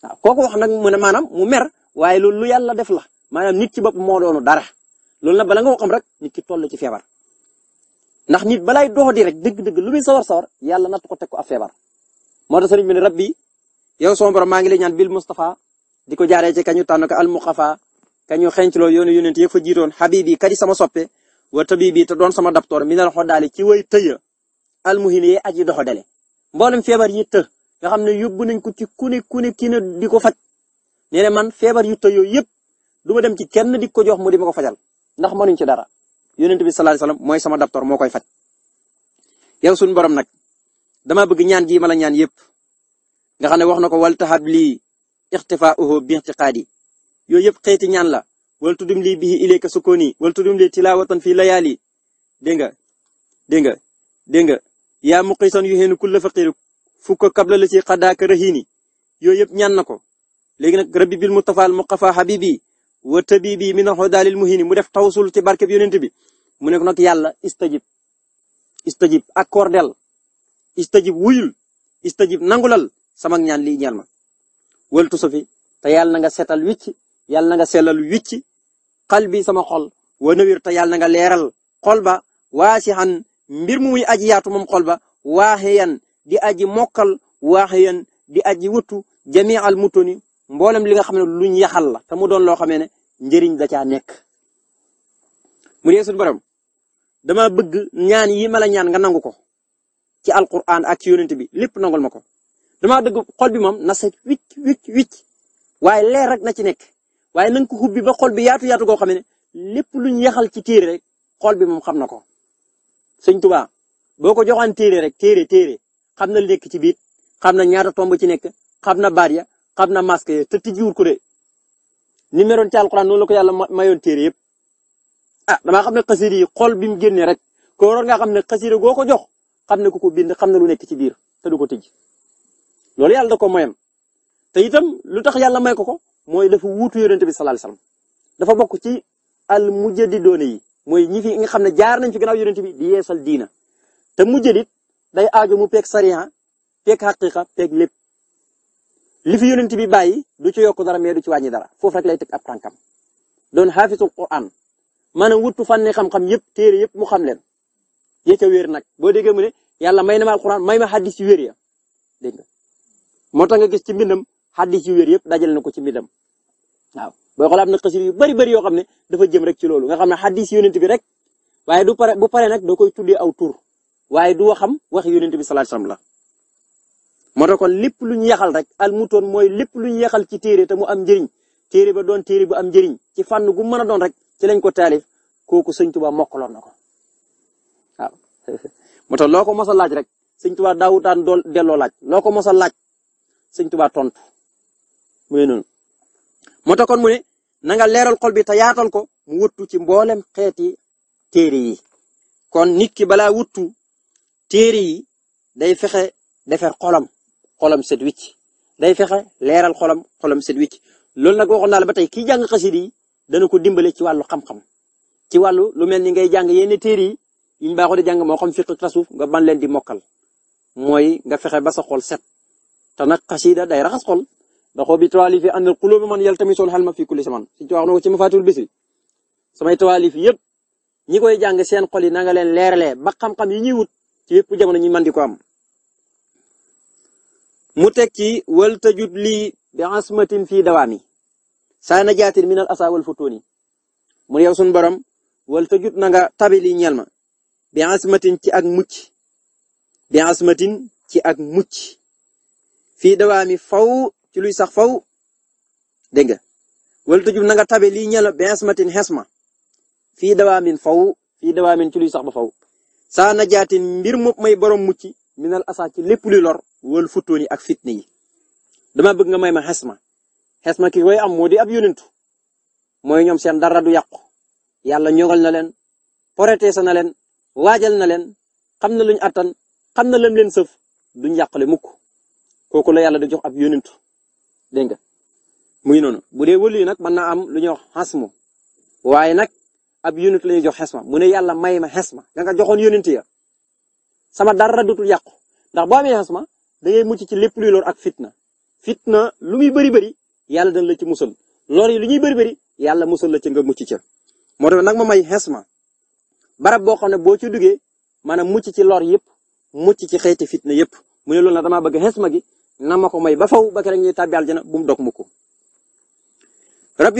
Speaker 1: waaw kooku wax nag mu ne maanaam mu mer waaye loolu lu yàlla def la maanaam nit ci bopp moo doonu dara loolu na bala nga ko xam rek nit ki toll ci feebar ndax nit balay dox di rek dëgg-dëgg lu muy sawar sawar yàlla natt ko teg ko ab feebar. moo tax sëriñ bi ne rabbi yow sama borom maa ngi lay ñaan bil Mustafa di ko jaaree ci kañu tànn ka al Muqafa kañu xencloo yoonu yonent yi fa jiitoon habibi kadi sama soppe wa tabibi te doon sama daptoor mi ne la xoddaale ci way tëya almuhin yee aji doxo dale mboolem feebar yi nga xam ne yóbbu nañ ko ci ku ne ku ne kii na ko faj nee man feebar yu tëj yooyu yëpp du dem ci kenn di ko jox mu di ma ko fajal ndax mënuñ ci dara yonent bi sallallahu alayhi wasallam mooy sama docteur moo koy faj. yow suñu borom nag dama bëgg ñaan gii ma ñaan yëpp nga xam ne wax na ko wal tahab lii ixtifaahu bi i'tiqaadi yooyu yëpp xeeti ñaan la wal tudum lii bihi ilayka sukuni wal tudum lii tilawatan fii layaali dégg nga dégg nga dégg nga yaa muqisan yuhinu kulla faqir fukk kabla la ci xadaaka rahini yooyu yëpp ñaan na ko léegi nag rabbi bil mustafaal muqafa habibi wa tabibi min xodaalil muhini mu def taw tawsul ci barkeb yonent bi mu nekk ko nag yàlla istajib istajib accordel istajib wuyul istajib nangulal sama ñaan lii ñeel ma wëltu sufi te yàlla na nga setal wicc yàlla na nga sellal wicc xal bi sama xol wa nawir te yàlla na nga leeral xol ba waasihan mbir mu muy aji yaatu moom xol ba waaxiyan di aji mokkal waaxiyan di aji wëttu jami al mutoni mboolem li nga xam ne luñ yaxal la te mu doon loo xamee ne njëriñ da caa nekk. mu dee suñu borom dama bëgg ñaan yi ma ñaan nga nangu ko ci alquran ak ci bi lépp nangul ma ko dama dëgg xol bi moom na set wicc wicc wicc waaye leer rek na ci nekk waaye na nga ko xubbi ba xol bi yaatu yaatu goo xam ne lépp lu luñ yaxal ci téere rek xol bi moom xam na ko. sëñ Tuubaa boo ko joxaan téere rek téere téere xam na lekk ci biir xam na ñaata tomb ci nekk xam na baat ya xam na masque ya te tijjiwul ko de ni meroon ci alxuraan noonu la ko yàlla mayoon téere yëpp ah damaa xam ne xasida yi xol bi mu génnee rek ko waroon nga xam ne xasida goo ko jox xam ne ko ko bind xam na lu nekk ci biir te du ko tijji loolu yàlla da ko mayam te itam lu tax yàlla may ko ko mooy dafa wuutu yonent bi sallallahu alayhi wasallam dafa bokk ci al mujjadi doone yi mooy ñi fi nga xam ne jaar nañ fi gannaaw yonent bi di yeesal diina te day aajo mu peeg sariya peeg xaqiqa peeg lépp li fi yonent bi bàyyi du ci yokk dara mais du ci wàññi dara foofu rek lay teg ab tànkam doon xaafisul Qur'an maanaam wuttu fànne xam-xam yëpp téere yëpp mu xam leen ya ca wér nag boo déggee mu ne yàlla may na ma alquran may ma xaddis yu wér ya dégg nga moo gis ci mbindam xaddis yu wér dajale na ko ci mbindam waaw booy xool na xasir yu yoo xam ne dafa jëm rek ci loolu nga xam ne xaddis yonent bi rek waaye du pare bu pare nag da koy tuddee aw tur waaye du waxam wax yonent bi sallallahu alayhi wasallam la moo tax kon lépp lu ñu yaxal rek al mutoon mooy lépp lu ñu ci téere te mu am njëriñ téere ba doon téere bu am njëriñ ci fànn gu mën a doon rek ci lañ ko taalif kooku sëñ Tuubaa mokkaloon na ko waaw moo tax loo ko mos a laaj rek sëñ Tuubaa daawutaan dool delloo laaj loo ko mos a laaj sëñ muy noonu moo kon mu ne leeral xol bi te yaatal ko mu wuttu ci mboolem xeeti téere yi kon nit ki balaa wuttu téere yi day fexe defar xolam xolam set wicc day fexe leeral xolam xolam set wicc loolu nag waxoon naa la ba tey kii jàng xasida yi dana ko dimbale ci wàllu xam-xam ci wàllu lu mel ni ngay jàng yenn téere yi yiñ baaxoo di jàng moo xam fiq ak tasawuf nga ban leen di mokkal mooy nga fexe ba sa xol set te nag xasida day raxas xol da xoo bi tawaalif yi àndal xulóobu man yàlla tamit sool xalma fii kulli saman suñ ci wax na ko ci mafaatul bisri samay tawaalif yëpp ñi koy jàng seen xol yi na nga leen leeralee ba xam yi ñuy ci yëpp jamono ñu mën di am. mu teg ci wal tajud lii bi asmatin fii dawaami saa na jaatin min asaa wal futuuni mu yow sunu borom wal tajud na nga tabi lii ñeel ma bi asmatin ci ak mucc bi asmatin ci ak mucc fii mi faw ci luy sax faw dégg nga wal tajud na nga tabi lii be ma bi asmatin xesma fii dawaamin faw fii dawaamin ci luy sax ba faw saa na jaatin mbir moom may borom mucc minal asaa ci lépp luy lor wal futooni ak fitna yi dama bëgg nga may ma xesma ma ki koy am moo di ab yonentu mooy ñoom seen dara du yàqu yàlla ñogal na leen protéger na leen waajal na leen xam na luñ attan xam na lam leen sëf duñ yàqale ko kooku la yàlla da jox ab yonentu dégg nga muy noonu bu dee wëlu nag mën naa am lu ñuy wax xasmu waaye ab yonent la ñuy jox ma mu ne yàlla may ma xesma nga nga joxoon sama dara dutul yàqu ndax boo amee xesma ma ngay mucc ci lépp luy lor ak fitna fitna lu muy bëri bëri yàlla dana la ci musal lor yi lu ñuy bëri bëri yàlla musal la ci nga mucc ca moo tax nag ma may ma barab boo xam ne boo ci duggee maanaam mucc ci lor yëpp mucc ci xeeti fitna yëpp mu ne loolu nag damaa bëgg ma gi na ma ko may ba faw ba keroog ñuy tàbbi aljana bu dok dog mu ko rab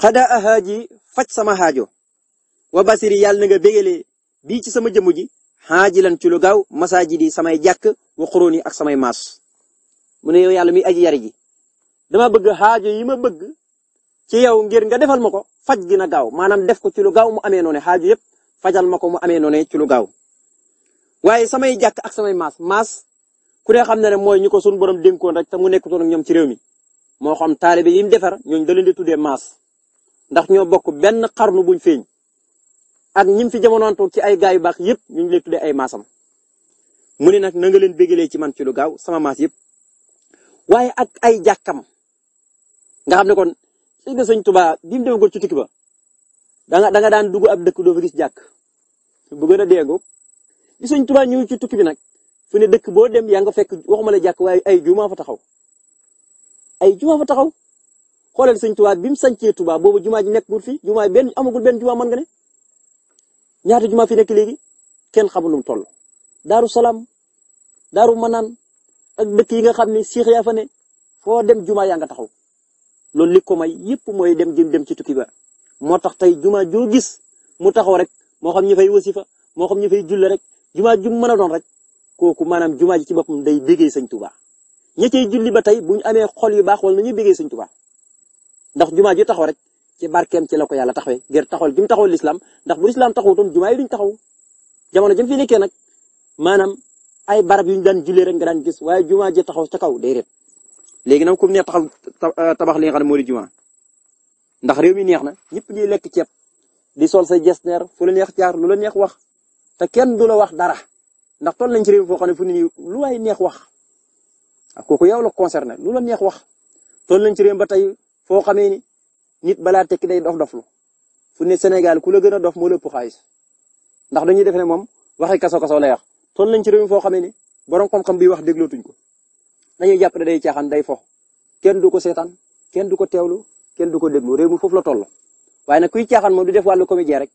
Speaker 1: xadaa a xaaji faj sama xaajo wa basiri yàlla na nga bégalee bii ci sama jëmm ji xaaji lan ci lu gaaw masaajidi samay jàkk wa xuróoni ak samay maas mu ne yow yàlla mi aji yari ji dama bëgg xaajo yi ma bëgg ci yaw ngir nga defal ma ko faj dina gaaw maanaam def ko ci lu gaaw mu amee noonu xaajo yëpp fajal ma ko mu amee noonu ci lu gaaw waaye samay jàkk ak samay maas maas ku ne xam na ne mooy ñu ko sunu borom dénkoon rek te mu nekkutoon ak ñoom ci réew mi moo xam taalibe yi mu defar ñooñu da leen di tuddee maas ndax ñoo bokk benn xarnu buñ feeñ ak ñim fi jamonoontoog ci ay gaay yu baax yëpp ñu ngi lay ay maasam mu ne nag na nga leen bégalee ci man ci lu gaaw sama maas yëpp waaye ak ay jàkkam nga xam ne kon sëñ sëñ Tuubaa bi mu demagul ci da nga da nga daan dugg ab dëkk doo fa gis jàkk bu gën a déggoo sëñ Tuubaa ñëw ci tukki bi nag fu ne dëkk boo dem yaa nga fekk waxuma la jàkk waaye ay juuma fa taxaw ay juuma fa taxaw xoolal sëñ Tuubaa bi mu sancee Tuubaa boobu jumaa ji nekkul fi jumaa benn amagul benn jumaa mën nga ne ñaata jumaa fi nekk léegi kenn xamul nu mu toll. daaru salaam daaru manaan ak dëkk yi nga xam ne siix fa ne foo dem jumaa yaa nga taxaw loolu li ko may yëpp mooy dem jëm dem ci tukki ba moo tax tey jumaa joo gis mu taxaw rek moo xam ñu fay wasifa moo xam ñu fay julle rek jumaa ju mën a doon rek kooku maanaam jumaa ji ci boppam day bégee sëñ Tuubaa ña cay julli ba tey bu ñu amee xol yu baax wala na ñuy bégee sëñ ndax jumaa ji taxaw rek ci barkeem ci la ko yàlla taxawee ngir taxawal gi mu taxawal lislaam ndax bu lislaam taxawutoon jumaa yi duñ taxaw jamono jëm fi nekkee nag maanaam ay barab yu ñu daan jullee rek nga daan gis waaye jumaa ji taxaw ca kaw day rëb léegi nag ku neex taxaw euh, tabax li nga xam ne moo di jumaa ndax réew mi neex na ñëpp ñuy lekk ceeb di sol say neer fu la neex jaar lu la neex wax te kenn du la wax dara ndax toll nañ ci réew foo xam ne fu nit ñi lu way neex wax ak kooku yow la concerné lu la neex wax toll foo xamee ni nit balaa tekki day dof doflu fu ne Sénégal ku la gën a dof moo lépp xaalis ndax dañuy def ne moom waxi kaso kaso lay wax toll nañ ci réew mi foo xamee ni borom kom xam bi wax déglootuñ ko dañuy jàpp ne day caaxaan day fo kenn du ko seetaan kenn du ko teewlu kenn du ko déglu réew mi la toll. waaye nag kuy caaxaan moom du def wàllu comédien rek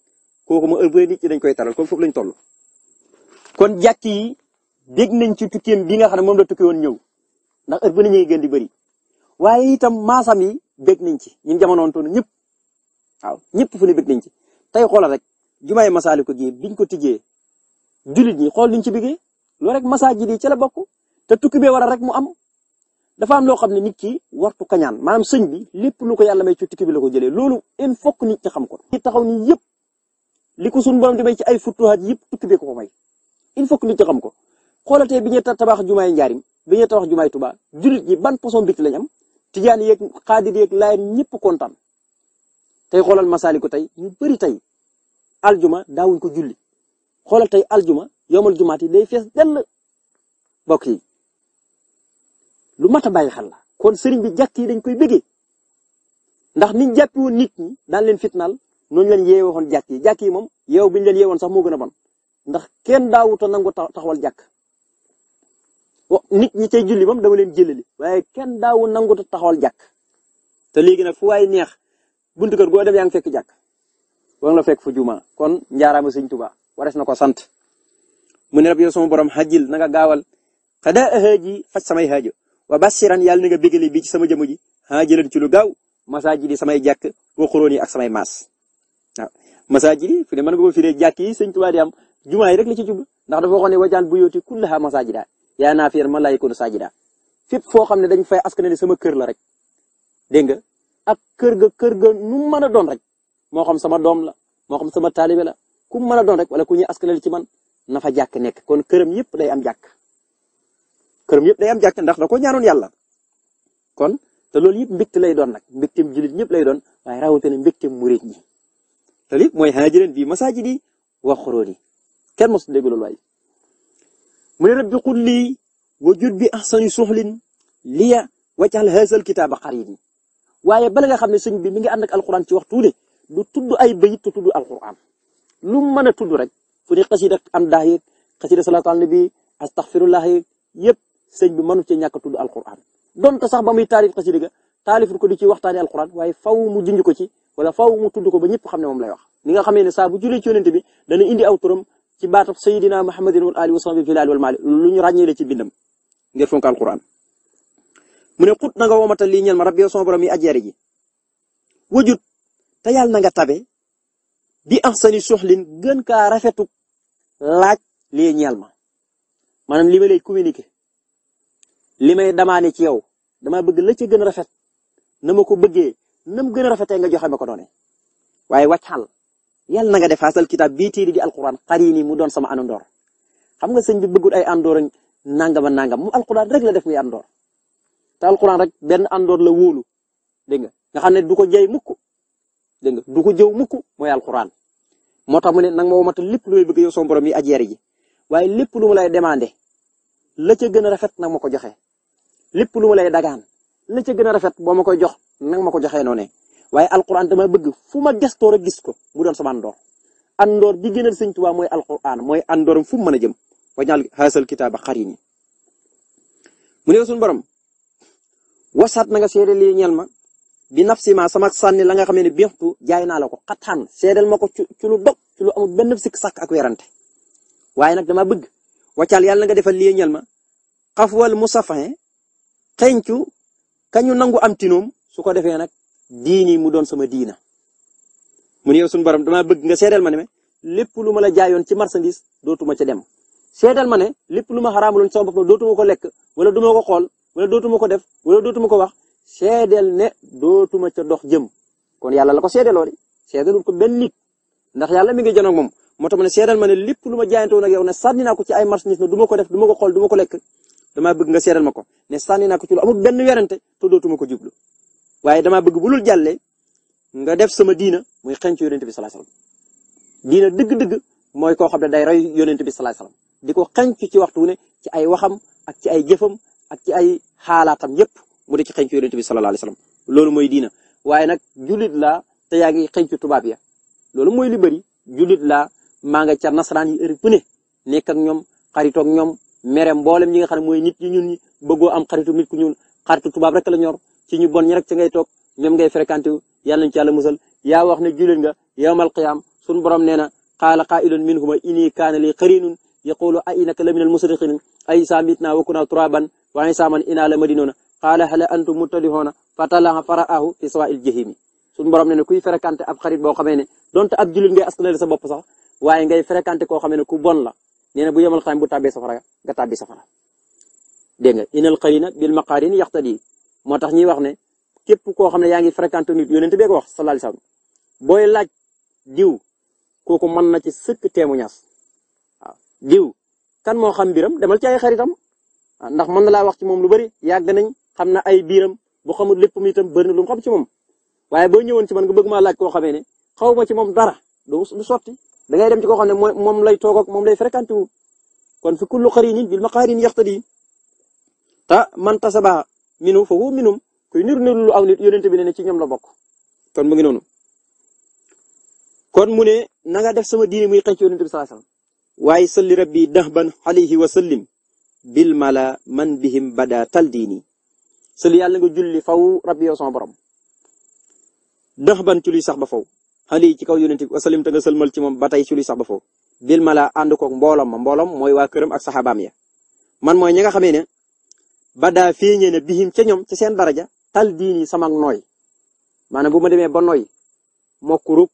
Speaker 1: kooku ma ëllëgee nit ñi dañ koy taral comme foofu lañ toll. kon jàkk yi dégg nañ ci tukkeem bi nga xam ne moom la tukki woon ñëw ndax heure bu ne di bëri bég nañ ci ñun jamonoon toon ñëpp waaw ñëpp fu ne bég nañ ci tey xoolal rek jumaay Masaalikul gi biñ ko tijjee jullit ñi xool niñ ci biggee rek masaajid yi ci bokk te tukki bee waral rek mu am dafa loo xam ne nit ki wartu kañaan maanaam sëñ bi lépp lu ko yàlla may ci tukki bi la ko jëlee loolu il faut que nit ko. li taxaw nii yëpp li ko suñu borom di may ci ay futuhaat yëpp tukki bee ko ko may il faut que nit ñi xam ko xoolatee bi ñuy tabax jumaay njaarim bi ñuy tabax jumaay Tuubaa jullit ñi ban poson bit lañ am tijaan yeeg xaadir yeeg laayam ñëpp kontaan tey xoolal masaaliku tey ñu bari tey aljuma daawuñ ko julli xoolal tey aljuma yomal jumaat yi day fees dell bokk yi lu mat a bàyyi xel kon sëriñ bi jàkk yi dañ koy bëggee ndax niñ jàppi woon nit ñi daan leen fitnaal noonu leen yeewoon jàkk yi jàkk yi moom bi ñu leen yeewoon sax moo gën a bon ndax kenn daawuta nangu taxawal jàkk nit ñi cay julli mom dama leen jëlali waaye kenn daawu nanguta taxawal jàkk te léegi nag fu waay neex buntu kër goo dem yaa ngi fekk jàkk war la fekk fu juma kon njaaraama sëñ Tuubaa wares na ko sant mu ne bi yow sama borom xajil na nga gaawal xadaa ahaaji faj samay haajo wa basiran yàlla na nga bégale bi ci sama jëmm ji haajalan ci lu gaaw masaa yi samay samay maas waaw masaajid yi fi ne mën nga ko firee jàkk yi sëñ Tuubaa di am jumaa yi rek la ci jublu ndax dafa waxoon ne wajaan bu yooti kullaha masaajida yaa naa fi ma laay ko saajida fépp foo xam ne dañ fay askan sama kër la rek dégg nga ak kër ga kër ga nu mu mën a doon rek moo xam sama doom la moo xam sama taalibe la ku mu mën a doon rek wala ku ñuy askanal ci man na fa jàkk nekk kon këram yëpp day am jàkk këram yëpp day am jàkk ndax da ko ñaanoon yàlla kon te loolu yëpp mbégte lay doon nag mbégteem jullit ñëpp lay doon waaye rawatina mbégteem murit ñi loolu yëpp mooy xanaa jëleen bii masaajid yi wa xuróon yi kenn mosu dégg mu ne rabbi qul lii wa jud bi ahsani suxlin liya wajal haasal kitaaba xarit yi waaye bala nga xam ne sëñ bi mi ngi ànd ak alquran ci waxtu ne du tudd ay bayit te tudd alquran lu mu mën a tudd rek fu ne xasida am daax yeeg xasida salaatu ala nabi astaxfirullah yeeg yëpp sëñ bi mënu cee ñàkk a tudd alquran donte sax ba muy taarif xasida ga taaliful ko di ci waxtaanee alquran waaye faw mu junj ko ci wala faw mu tudd ko ba ñëpp xam ne moom lay wax. ni nga xamee ne saa bu jullee ci yonente bi dana indi aw turam ci baatu sayidina muhammadin wal ali wa sahbi fil ali wal mali lu ñu ràññee ci bindam ngir fonk alquran mu ne xut na nga womatal lii ñeel ma rabbi yow sama borom yi ajjeeri ji wajut te yàlla na nga tabe bi ahsani soxlin gën kaa rafetu laaj lii ñeel ma maanaam li ma lay communiqué li may damaane ci yow dama bëgg la ca gën a rafet na ma ko bëggee na mu gën a rafetee nga joxe ma ko doone waaye wàcc yàlla na nga def xaasal kitaab bii téere bi alquran xarini mu doon sama andoor xam nga sëñ bi bëggul ay andoor nangama nangam mu alquran rek la def muy andoor te alquran rek benn andoor la wóolu dégg nga nga xam ne du ko jëy mukk dégg nga du ko jëw mukk mooy alquran moo tax mu ne nag ma womatal lépp lu may bëgg yow sama borom yi ajeer ji waaye lépp lu ma lay demandé la ca gën a rafet nag ma ko joxe lépp lu ma lay dagaan la ca gën a rafet boo ma koy jox nag ma ko joxee noonu waaye alquran dama bëgg fu ma gestoo a gis ko mu doon sama andoor andoor bi gënal sëñ Tuubaa mooy alquran mooy andooram fu mu mën a jëm wañaal haasal kitaaba xarini mu ne suñu borom wasaat na nga seede lii ñeel ma bi nafsi ma sama sànni la nga xam ne biixtu jaay naa la ko xataan seedeel ma ko ci lu dog ci lu amul benn sikk sàkk ak werante waaye nag dama bëgg waccaal yàlla nga defal lii ñeel ma xafwal musafahin xencu kañu nangu am tinoom su ko defee nag diini mu doon sama diina mu ne yow suñu borom damaa bëgg nga seedeel ma ne lépp lu ma la jaayoon ci marchandise dootuma ca dem seedeel ma ne lépp lu ma xaraamaloon sama bopp dootuma ko lekk wala duma ma xool wala dootuma ko def wala dootuma ko wax seedeel ne ma ca dox jëm kon yàlla la ko seedeeloo de ko benn nit ndax yàlla mi ngi janoog moom moo tax ma seedeel ma lépp lu ma jaayante woon ak yow ne sànni ko ci ay marchandise ne du ma ko def du ma ko xool du ma ko lekk damaa bëgg nga seedeel ma ko ne sànni naa ko ci lu amul benn werante te dootuma ko jublu waaye damaa bëgg bu lul jàllee nga def sama diina muy xenc yonent bi sallallahu alayhi wasallam diina dëgg-dëgg mooy koo xam ne day roy yonent bi sallallahu alayhi wasallam di ko xenc ci waxtu wu ne ci ay waxam ak ci ay jëfam ak ci ay xaalaatam yépp mu di ci xenc yonent bi sallallahu alayhi wasallam loolu mooy diina waaye nag jullit laa te yaa ngi xenc tubaab ya loolu mooy li bëri jullit laa maa nga ca nasaraan yi heure bu ne nekk ak ñoom xaritoo ñoom mere mboolem ñi nga xam ne mooy nit ñi ñun ñi bëggoo am xaritu nit ku ñuul xaritu rek la ñor ci ñu bon ñi rek ci ngay toog ñoom ngay fréquenté wu yàlla nañu ci yàlla musal yaa wax ne jullit nga yawmal qiyaam sunu borom nee na qaala qaa'ilun minhum inni kaana li qariinun yaqulu a innaka la min al musriqiin a izaa mitnaa wa kunnaa turaaban wa a izaa man innaa la madiinuun qaala hal antum muttali'uun fatalaha fara'ahu fi sawaa'il jahiim sunu borom nee na kuy fréquenté ab xarit boo xamee ne donte ab jullit nga askanale sa bopp sax waaye ngay fréquenté koo xamee ne ku bon la nee bu yawmal qiyaam bu tàbbee safara nga tàbbee safara dégg nga inal qarina bil maqaarin yaxtadi moo tax ñuy wax ne képp koo xam ne yaa ngi fréquenté nit yonent bee ko wax sallallahu alayhi wasallam booy laaj diw kooku mën na ci sëkk témoignage waaw diw kan moo xam mbiram demal ci ay xaritam ndax mën na laa wax ci moom lu bari yàgg nañ xam na ay biiram bu xamul lépp mi itam bëri na lu mu xam ci moom waaye boo ñëwoon ci man nga bëgg maa laaj koo xamee ne xaw ma ci moom dara du sotti da ngay dem ci koo xam ne moom lay toog ak moom lay fréquenté wu kon fi kullu xarinin bil maqaarin yaxtadi ta man tasaba minu fa wu minum kuy niru niru lu aw nit yonent bi ci ñoom la kon mu ngi noonu mu ne na def sama diine muy xëcc yonent bi sallallahu alayhi wasallam waaye salli rabbi dahban alayhi wa sallim bil mala man bihim bada tal diini salli yàlla nga julli faw rabbi yow sama borom dahban ci luy sax ba faw ali ci kaw yonent bi wa sallim te nga sëlmal ci moom ba tey ci sax ba faw bil mala ànd koog mbooloom ma mbooloom mooy waa këram ak saxaabaam ya man mooy ñi nga xamee ba daa na ne bihim ca ñoom ci seen daraja tal diini sama nooy maanaam bu ma demee ba noy mokk rub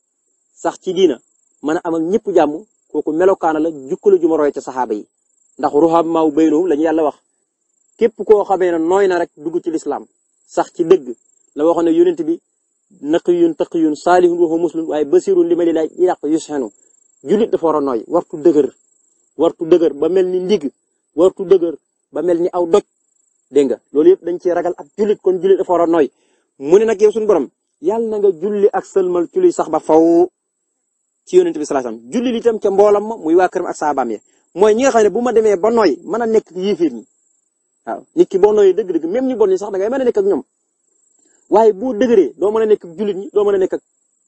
Speaker 1: sax ci diina mën a am ak ñëpp jàmm kooku melokaana la jukkala ju ma roy ca saxaaba yi ndax ruxam maaw baynahum lañu yàlla wax képp koo xamee ne nooy na rek dugg ci lislam sax ci dëgg la waxoon ne yonent bi naqiyun taqiyun saalihun wa huwa muslim waaye basirun li ma li laaj yàq yushenu jullit dafa war nooy wartu dëgër wartu ba mel ni ndig wartu dëgër ba mel ni aw doj dégg nga loolu yëpp dañ ciy ragal ak jullit kon jullit dafa war a nooy mu ne nag yow suñu borom yàlla na nga julli ak sëlmal julli sax ba faw ci yonent bi sallallahu alayhi julli li itam ca mboolam ma muy waa këram ak saabaam mooy ñi nga xam ne bu ma demee ba nooy mën a nekk ci yéeféer ñi waaw boo nooyee dëgg-dëgg même ñu sax da ngay mën a nekk ak ñoom waaye boo dëgëree doo mën a nekk jullit ñi doo mën a nekk ak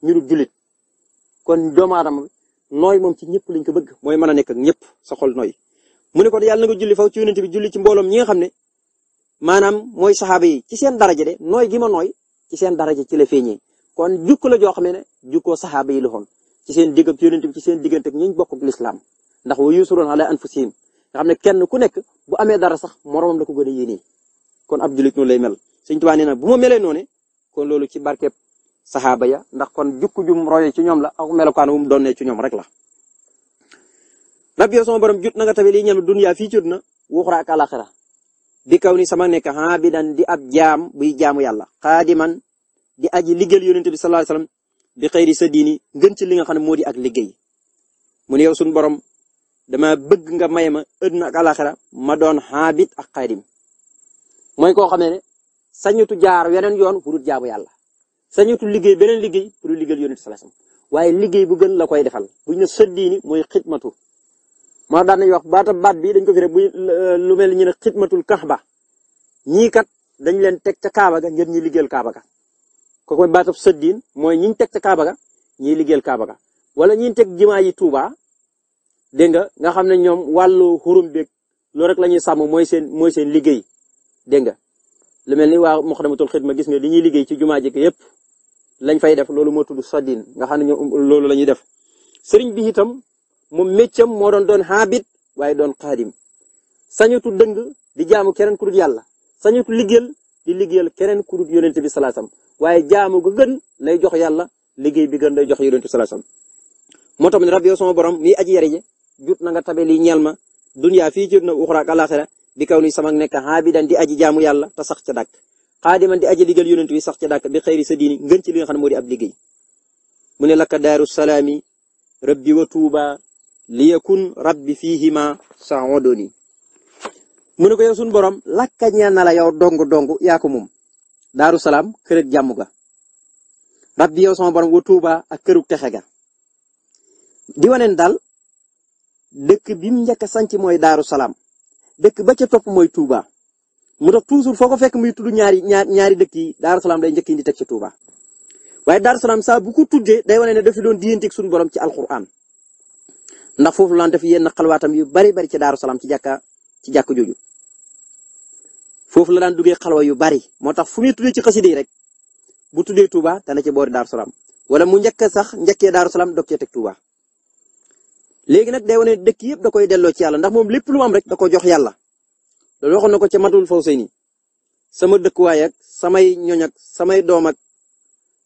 Speaker 1: ñiru jullit kon doomu aadama nooy moom ci ñëpp lañ ko bëgg mooy mën a nekk ak ñëpp sa xol nooy mu ne kon yàlla na nga faw ci yonent bi julli ci mbooloom ñi nga xam ne maanaam mooy saxaaba yi ci seen daraja de nooy gi ma nooy ci seen daraja ci la feeñee kon jukko la joo xam ne jukkoo saxaaba yi la xoon ci seen digg ak yonent bi ci seen diggante ak ñi bokk ak lislaam ndax wa yusuroon ala anfusihim nga xam ne kenn ku nekk bu amee dara sax moromam la ko gën a yéene kon ab julit noonu lay mel Sëñ Tuubaa nee na bu ma melee noonu kon loolu ci barkeb saxaaba ya ndax kon jukku jum roye ci ñoom la ak melokaan wu mu doonee ci ñoom rek la. rab yow sama borom jut na nga tabe lii ñam dunyaa fii jut na wuxura ak alaxira bi kaw ni sama nekk xaabidan di ab jaam buy jaamu yàlla xaadiman di aj liggéeyal yonente bi sallallahu alayhi wasallam bi xëyri sa diini ngën ci li nga xam ne moo di ak liggéey mu ne yow suñu borom dama bëgg nga may ma àddina ak alaxira ma doon xaabit ak xaadim mooy koo xam ne sañutu jaar weneen yoon fu dul jaamu yàlla sañutu liggéey beneen liggéey fu dul liggéeyal yonente sallallahu waaye liggéey bu gën la koy defal buñ ne sa mooy xidmatu moo daan nañ wax baata baat bi dañ ko fi rek buy euh, lu mel ni ñu ne xidmatul kaaba ñii kat dañ leen teg ca kaaba ga ngir ñi liggéeyal kaaba ga kooku mooy baatab ñi teg ca kaaba ñiy liggéeyal kaaba wala ñi teg jimaa yi Touba dégg nga nga xam ne ñoom wàllu xurum beeg loolu rek lañuy ñuy sàmm mooy seen mooy seen liggéey dégg nga lu mel ni waa Muxaddamatul Xidma gis nga li ñuy liggéey ci jumaa ji yépp lañ fay def loolu moo tudd sëddiin nga xam ne ñoom loolu lañuy ñuy def sëriñ bi itam moom méccam moo doon doon xaabit waaye doon xaadim sañatu dëng di jaamu keneen ku dul yàlla sañatu liggéeyal di liggéeyal keneen ku dul yonent bi salaasam waaye jaamu ga gën lay jox yalla liggéey bi gën lay jox yonent bi salaasam moo tax mu ne rab yow sama borom nga tabe lii ñeel ma dunyaa fii jut na uxra ak alaxira bi kaw ni sama nekk xaabidan di aji jaamu yàlla te sax ca dàkk xaadiman di aji liggéeyal yonent bi sax ca bi xëyri sa diini ngën ci li nga xam ne moo di ab liggéey mu ne lakka daaru salaami liyakun rabbi fihima saodoni mu ne ko yow sunu borom lakka ñeel na la yow dong dong yaa ko moom daaru salaam kër jàmm ga rabbi yow sama borom wa tuuba ak këru texe ga di waneen daal dëkk bi mu njëkk a sanc mooy daaru salaam dëkk ba ca topp mooy tuuba mu tax toujours foo ko fekk muy tudd ñaari ñaar yi daaru salaam day njëkk indi tek ci tuuba waaye daaru salaam saa bu ko tuddee day wane ne dafa doon diyanteeg suñu borom ci alquran ndax foofu la def yenn xalwaatam yu bari bari ci Daaru Salaam ci jàkka ci jàkka jooju foofu la daan duggee xalwa yu bari moo tax fu muy tuddee ci xasida yi rek bu tuddee Touba dana ci boori Daaru Salaam wala mu njëkk sax njëkkee Daaru Salaam dog cee teg Touba. léegi nag day wane dëkk yëpp da koy delloo ci yàlla ndax moom lépp lu am rek da ko jox yàlla loolu waxoon na ko ca matul fawsayni sama dëkkuwaay ak samay ñoñ samay doom ak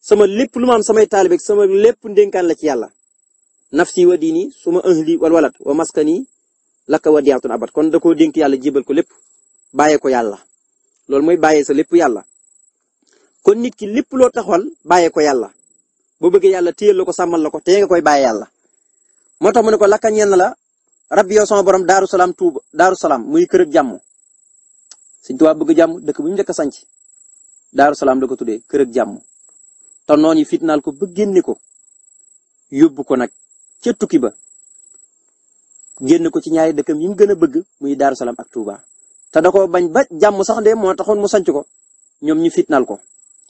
Speaker 1: sama lépp lu ma am samay taalib sama lépp ndénkaan la ci yàlla. nafsi wa diini suma ahli wal walad wa maskani laka wadiatun abad kon da dénk yàlla jébal ko lépp bàyyee ko yàlla loolu mooy bàyyee sa lépp yàlla. kon nit ki lépp loo taxawal bàyyee ko yàlla boo bëggee yàlla téyel la ko sàmmal la ko te nga koy bàyyee yàlla moo tax mu ne ko laka ñenn la rabbi yow sama borom daaru salaam tuuba daaru salaam muy kër ak jàmm Sëñ Tuubaa bëgg jàmm dëkk bu ñu njëkk a sanc daaru salaam la ko tuddee kër ak jàmm te noonu ko ba génne ko yóbbu ko nag ca tukki ba génn ko ci ñaari dëkkam yi mu gën a bëgg muy Daaru Salaam ak Touba. te da ko bañ ba jàmm sax de moo taxoon mu sanc ko ñoom ñu fitnaal ko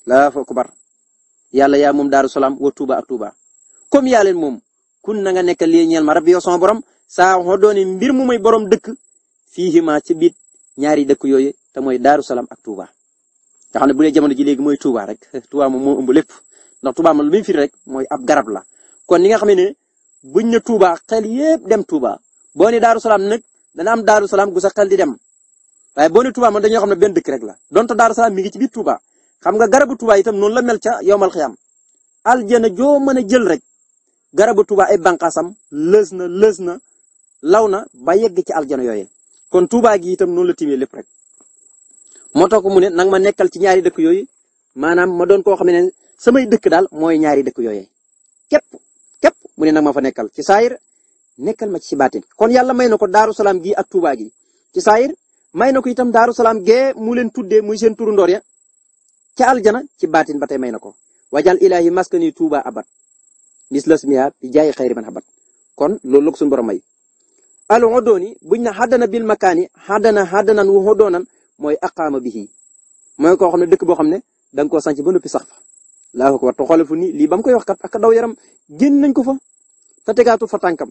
Speaker 1: laa fa kubar yàlla yaa moom Daaru Salaam wa Touba ak Touba comme yaa leen moom kun na nga nekk lii ñeel ma rabbi yow borom saa waxoo doone mbir mu may borom dëkk fii ma ci biit ñaari dëkk yooyu te mooy Daaru Salaam ak Touba. nga xam ne bu dee jamono ji léegi mooy Touba rek Touba mo moo ëmb lépp ndax Touba moom lu muy rek mooy ab garab la kon buñ ne Touba xel yépp dem Touba boo ne Daaru Salaam nag dana am Daaru Salaam gu sa xel di dem waaye boo ne Touba man dañoo xam ne benn dëkk rek la donte Daaru Salaam mi ngi ci biir Touba xam nga garabu Touba itam noonu la mel ca yowmal xiyam aljana joo mën a jël rek garabu Touba ay bànqaasam lës na lës na law na ba yegg ci aljana yooyu kon Touba gi itam noonu la timee lépp rek moo tax mu ne nag ma nekkal ci ñaari dëkk yooyu maanaam ma doon koo xam ne samay dëkk daal mooy ñaari dëkk yooyu mu ne nag ma fa nekkal ci saayir nekkal ma ci si baatin kon yàlla may na ko daaru salaam gi ak tubaa gi ci saayir may na ko itam daaru salaam gee mu leen tuddee mu seen turu ndoor ya ca aljana ci baatin ba tey may na ko wajal ilahi maskani Touba abad bis las miyaa bi jaay xayri man abad kon loolu la ko suñu borom may al odooni buñ na xaddana bil makaani xaddana xaddanan wu xodoonan mooy aqaama bihi mooy ko xam ne dëkk boo xam ne dang nga koo sanc ba noppi allahu akbar te xoolal fu ni lii ba mu koy wax kat daw yaram génn nañ ko fa te tegaatu fa tànkam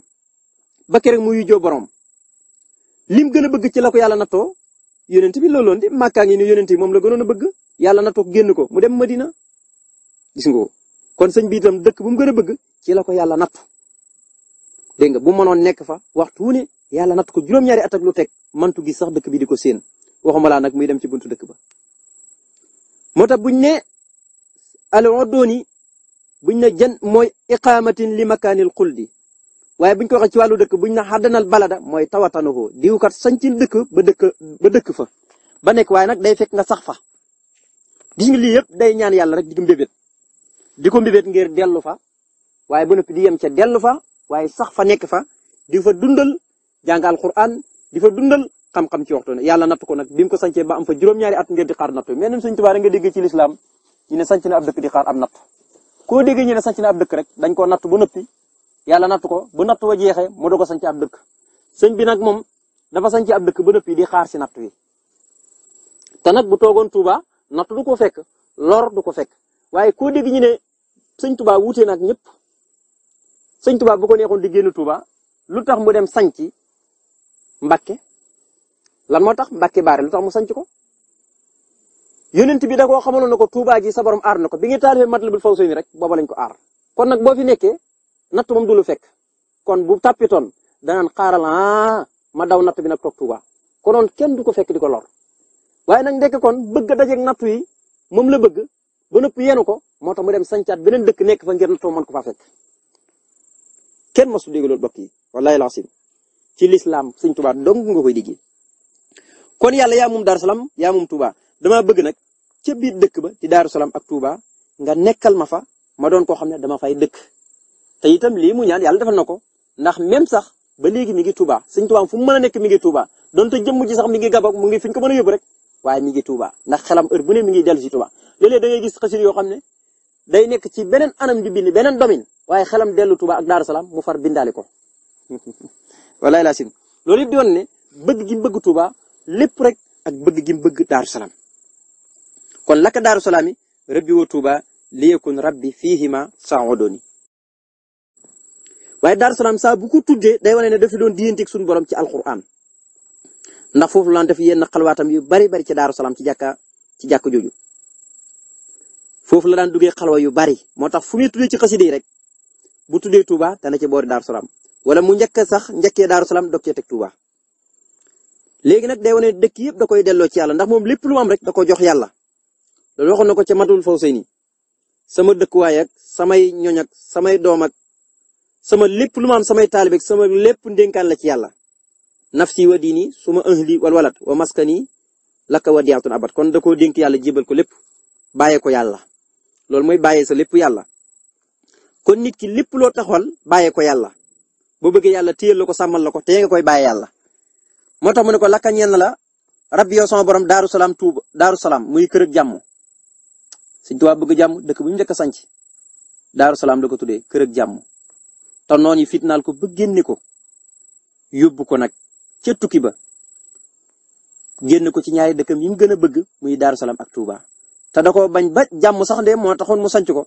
Speaker 1: ba keroog mu yujjoo borom lim gën a bëgg ci la ko yàlla nattoo yonent bi looloon di màkkaa ngi ni yonent bi moom la gënoon bëgg yàlla nattoo génn ko mu dem Madina gis nga ko kon sëñ bi itam dëkk bu mu gën a bëgg ci la ko yàlla nattu dégg nga bu mënoon nekk fa waxtu wu ne yàlla natt ko juróom-ñaari at ak teg mantu gi sax dëkk bi di ko séen waxuma laa nag muy dem ci buntu dëkk ba moo tax buñ ne al udduuni buñ ne jën mooy iqaamatin li makaanil xuldi waaye buñ ko waxee ci wàllu dëkk buñ ne xaddanal balada mooy tawatanu diw kat sañci dëkk ba dëkk ba dëkk fa ba nekk waaye nag day fekk nga sax fa gis nga lii day ñaan yàlla rek di ko mbébét di ko mbébét ngir fa waaye ba noppi di yem ca dellu fa waaye sax fa nekk fa di fa dundal jàngal Qur'an di fa dundal xam-xam ci waxtu ne yàlla natt ko nag bi ko sancee ba am fa juróom-ñaari at ngir di xaar nattu mais suñ tubaab nga dégg ci lislaam ñu ne sanc na ab dëkk di xaar ab natt koo déggee ñu ne sanc na ab dëkk rek dañ koo natt ba nëppi yàlla natt ko ba natt wa jeexee mu doog a sanc ab dëkk sëñ bi nag moom dafa sanc ab dëkk ba nëppi di xaar si natt wi te nag bu toogoon Touba natt du ko fekk lor du ko fekk waaye koo dégg ñu ne sëñ Touba wuute na ak ñëpp sëñ Touba bu ko neexoon di génn Touba lu tax mu dem sanc Mbacke lan moo tax Mbacke Baare lu tax mu sanc ko yonent bi da koo xamaloon na ko Touba ji sa borom aar na ko bi nga taalifee Matlabul Fawzayni rek booba ko aar kon nag boo fi nekkee natt moom du lu fekk kon bu tàppitoon danaan xaaral ah ma daw natt bi nag toog Touba konoon kenn du ko fekk di ko lor waaye nag ndekk kon bëgg a dajeeg wi yi moom la bëgg ba nëpp yenu ko moo tax mu dem sancaat beneen dëkk nekk fa ngir nattoo mën ko faa fekk kenn mosu dégg loolu bokk yi wallahi lasim ci lislaam sëñ Touba dong nga koy déggee kon yàlla yaa moom Darou Salaam damaa bëgg nag ca biir dëkk ba ci Daaru Salaam ak Touba nga nekkal ma fa ma doon koo xam ne dama fay dëkk te itam lii mu ñaan yàlla defal na ko ndax même sax ba léegi mi ngi Touba Sëñ Touba fu mu mën a nekk mi ngi Touba donte jëmm ji sax mi ngi gabak mu ngi fi ñu ko mën a yóbbu rek waaye mi ngi Touba ndax xelam heure bu ne mi ngi dellu si Touba léeg-léeg da ngay gis xasir yoo xam ne day nekk ci beneen anam di bind beneen domaine waaye xelam dellu Touba ak Daaru Salaam mu far bindaale ko walaay laa sin loolu yëpp ne bëgg gi bëgg Touba lépp rek ak bëgg bëgg Daaru Salaam kon lakk daaru salaami rabbi wa tuuba li yakun rabbi fiihima saodoni waaye daaru salaam saa bu ko tuddee day wane ne dafa doon diyanteeg suñu borom ci alquran ndax foofu lan def yenn xalwaatam yu bari bari ci daaru salaam ci jàkka ci jàkka jooju foofu la daan duggee xalwa yu bari moo tax fu muy ci xasida yi rek bu tuddee Touba dana ci boori Darou Salaam wala mu njëkk sax njëkkee Darou Salaam dog cee teg Touba. léegi nag day wane dëkk yëpp da koy delloo ci yàlla ndax moom lépp lu am rek da jox yàlla loolu waxoon na ko ca matul faw sëy ni sama dëkkuwaay ak samay ñoñ samay doom ak sama lépp lu ma am samay taalibe sama lépp ndénkaan la ci yàlla nafsi wa diini suma ahli wal walad wa maskani laka wadiatun abad kon da koo dénk yàlla jébal ko lépp bàyyee ko yàlla loolu mooy bàyyee sa lépp yàlla kon nit ki lépp loo taxawal bàyyee ko yàlla boo bëggee yàlla téyel la ko sàmmal la ko te nga koy bàyyee yàlla moo tax mu ne ko lakka ñeen la rabbi yow sama borom daaru salaam tuuba daaru salaam muy kër jàmm Sëñ bëgg jàmm dëkk bu ñu njëkk sanc Daaru Salaam la ko tuddee kër ak jàmm te noonu fitnaal ko ba génne ko yóbbu ko nag ca tukki ba génne ko ci ñaari dëkkam yi mu gën a bëgg muy Daaru Salaam ak tuba te da ko bañ ba jàmm sax de moo taxoon mu sanc ko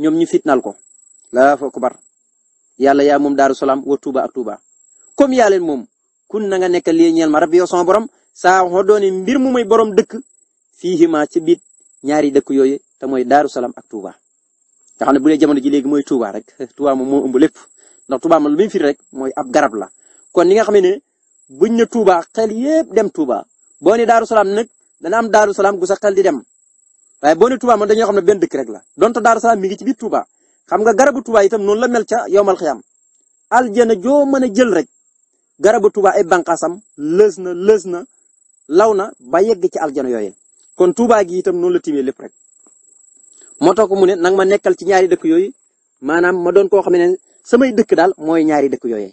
Speaker 1: ñoom ñu fitnaal ko laa fa kubar yàlla yaa moom Daaru Salaam wa Touba ak Touba comme yaa leen moom kun na nga nekk lii ma rabbi borom saa xoo doone mbir mu may borom dëkk fii ci biit ñaari dëkk yooyu te mooy Daaru Salaam ak Touba nga xam ne bu dee jamono ji léegi mooy Touba rek Touba moom moo ëmb lépp ndax Touba moom mooy garab la kon ni nga xam ne buñ ne Touba xel yépp dem Touba boo ne Daaru Salaam nag dana am Daaru Salaam gu sa xel di dem waaye boo ne Touba dañoo xam ne benn dëkk rek la donte Daaru Salaam mi ngi ci biir Touba xam nga garabu Touba itam noon la mel ca yowmal xiyam aljana joo mën a jël rek garab Touba ay bànqaasam lës na lës na law na ba yegg ci aljana yooye kon Touba gi itam moo tax ko mu ne nag ma nekkal ci ñaari dëkk yooyu maanaam ma doon koo xam ne samay dëkk daal mooy ñaari dëkk yooyee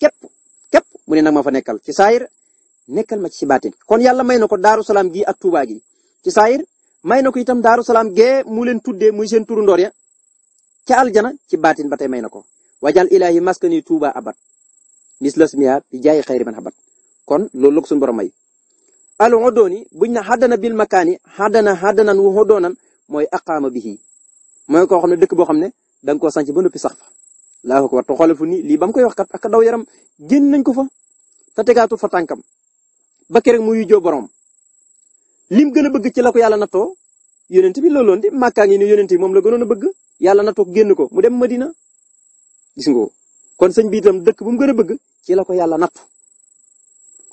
Speaker 1: képp képp mu ne ma fa nekkal ci saayir nekkal ma ci si baatin kon yàlla may na ko daaru salaam gi ak tuubaa gi ci saayir may na ko itam daaru salaam gee mu leen tuddee muy seen turu ndoor ya ca aljana ci baatin ba tey may na ko wajal ilahi maskani tuuba abat mis lasmiya bi jaay xayri man habat kon loolu la ko suñu borom may al odooni buñ na xaddana bil makaani xaddana mooy aqaama bihi mooy ko xam ne dëkk boo xam ne da ko koo sànci ba noppi sax fa laa ko war te ni lii ba koy wax kat ak daw yaram génn nañ ko fa te tegaatu fa tànkam ba keroog mu yujjoo borom lim gën a bëgg ci la ko yàlla nattoo yonent bi looloon di màkkaa ngi ni yonent moom la gënoon a bëgg yàlla nattoo génn ko mu dem Madina gis nga kon sëñ bi dëkk bu mu gën a bëgg ci la ko yàlla nattu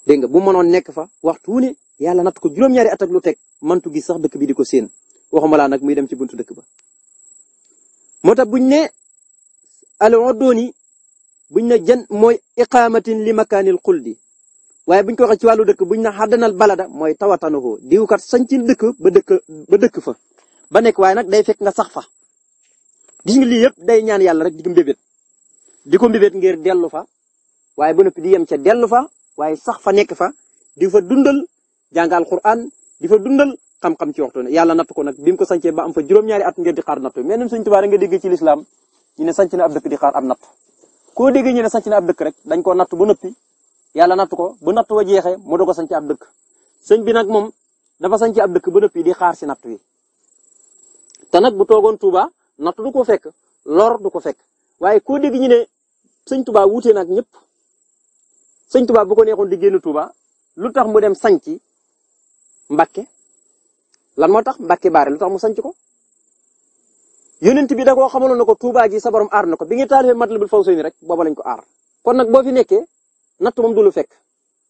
Speaker 1: dégg nga bu mënoon nekk fa waxtu wu ne yàlla natt ko juróom-ñaari at ak lu teg mantu gi sax dëkk bi di ko séen waxuma laa nag muy dem ci buntu dëkk ba moo tax buñ ne al uduni buñ ne jën mooy iqaamatin li makaanil xuldi waaye buñ ko waxee ci wàllu dëkk buñ na xaddanal balada mooy tawatanuhu diwkat sañci dëkk ba dëkk ba dëkk fa ba nekk waaye nag day fekk nga sax fa gis nga yëpp day ñaan yàlla rek di ko mbébét di ko mbébét ngir dellu fa waaye ba noppi di yem ca dellu fa waaye sax fa nekk fa di fa dundal jàngal Qur'an di fa dundal xam-xam ci to ne yàlla natt ko nag bi mu ko sancee ba am fa juróom-ñaari at ngeen di xaar natt mais nim ne sanc na ab di xaar ab natt koo dégg ñu ne sanc na ab dëkk rek dañ koo natt ba noppi yàlla natt ko ba natt wa jeexee mu doog a sanc ab bi nag moom dafa sanc ab dëkk ba noppi di xaar si natt wi te nag bu toogoon Tuubaa natt du ko fekk lor du ko fekk waaye koo dégg ñu ne sëñ Tuubaa wuute na ak ñëpp sëñ Tuubaa bu ko neexoon di génn Tuubaa lu tax mu dem sanc Mbàkke lan moo tax Mbàkke Baari lu tax mu sanc ko yonent bi da koo xamaloon na ko Touba ji sa borom aar na ko bi nga taalifee Matlabul Fawzayni rek booba lañ ko aar kon nag boo fi nekkee nat moom du lu fekk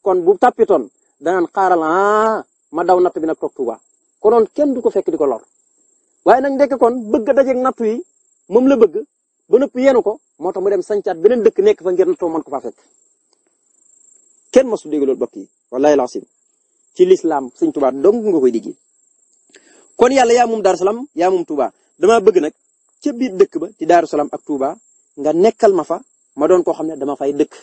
Speaker 1: kon bu tàppitoon danaan xaaral ah ma daw natt bi nag toog Touba konoon kenn du ko fekk di ko lor waaye nag ndekk kon bëgg a dajeeg natt wi moom la bëgg ba nëpp yenu ko moo tax mu dem sancaat beneen dëkk nekk fa ngir nattoo man ko faa fekk kenn mosu dégg loolu bokk yi wallahi laasim ci lislaam Sëñ Touba dong nga kon yàlla yaa moom Daaru Salaam yaa moom Touba damaa bëgg nag ca biir dëkk ba ci Daaru Salaam ak Touba nga nekkal ma fa ma doon koo xam ne dama fay dëkk.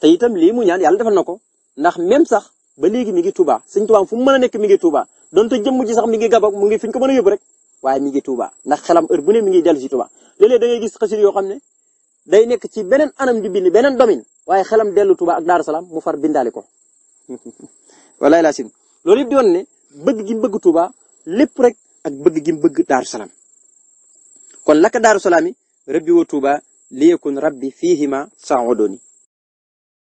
Speaker 1: te itam lii mu ñaan yàlla defal na ko ndax même sax ba léegi mi ngi Touba Sëñ Touba fu mu mën a nekk mi ngi Touba jëm jëmm ji sax mi ngi gabak mu ngi fi ñu ko a rek waaye mi ngi Touba ndax xelam heure bu ne mi ngi dellu si Touba léeg-léeg da ngay gis xasir xam ne day nekk ci beneen anam di bind beneen domaine waaye xelam dellu Touba ak Daaru Salaam mu far bindaale ko bëgg gi lépp rek ak bëgg gi mu bëgg daaru salaam kon laka daaru salaam yi rabbi wa tuuba liyekun rabbi fiihima saadooni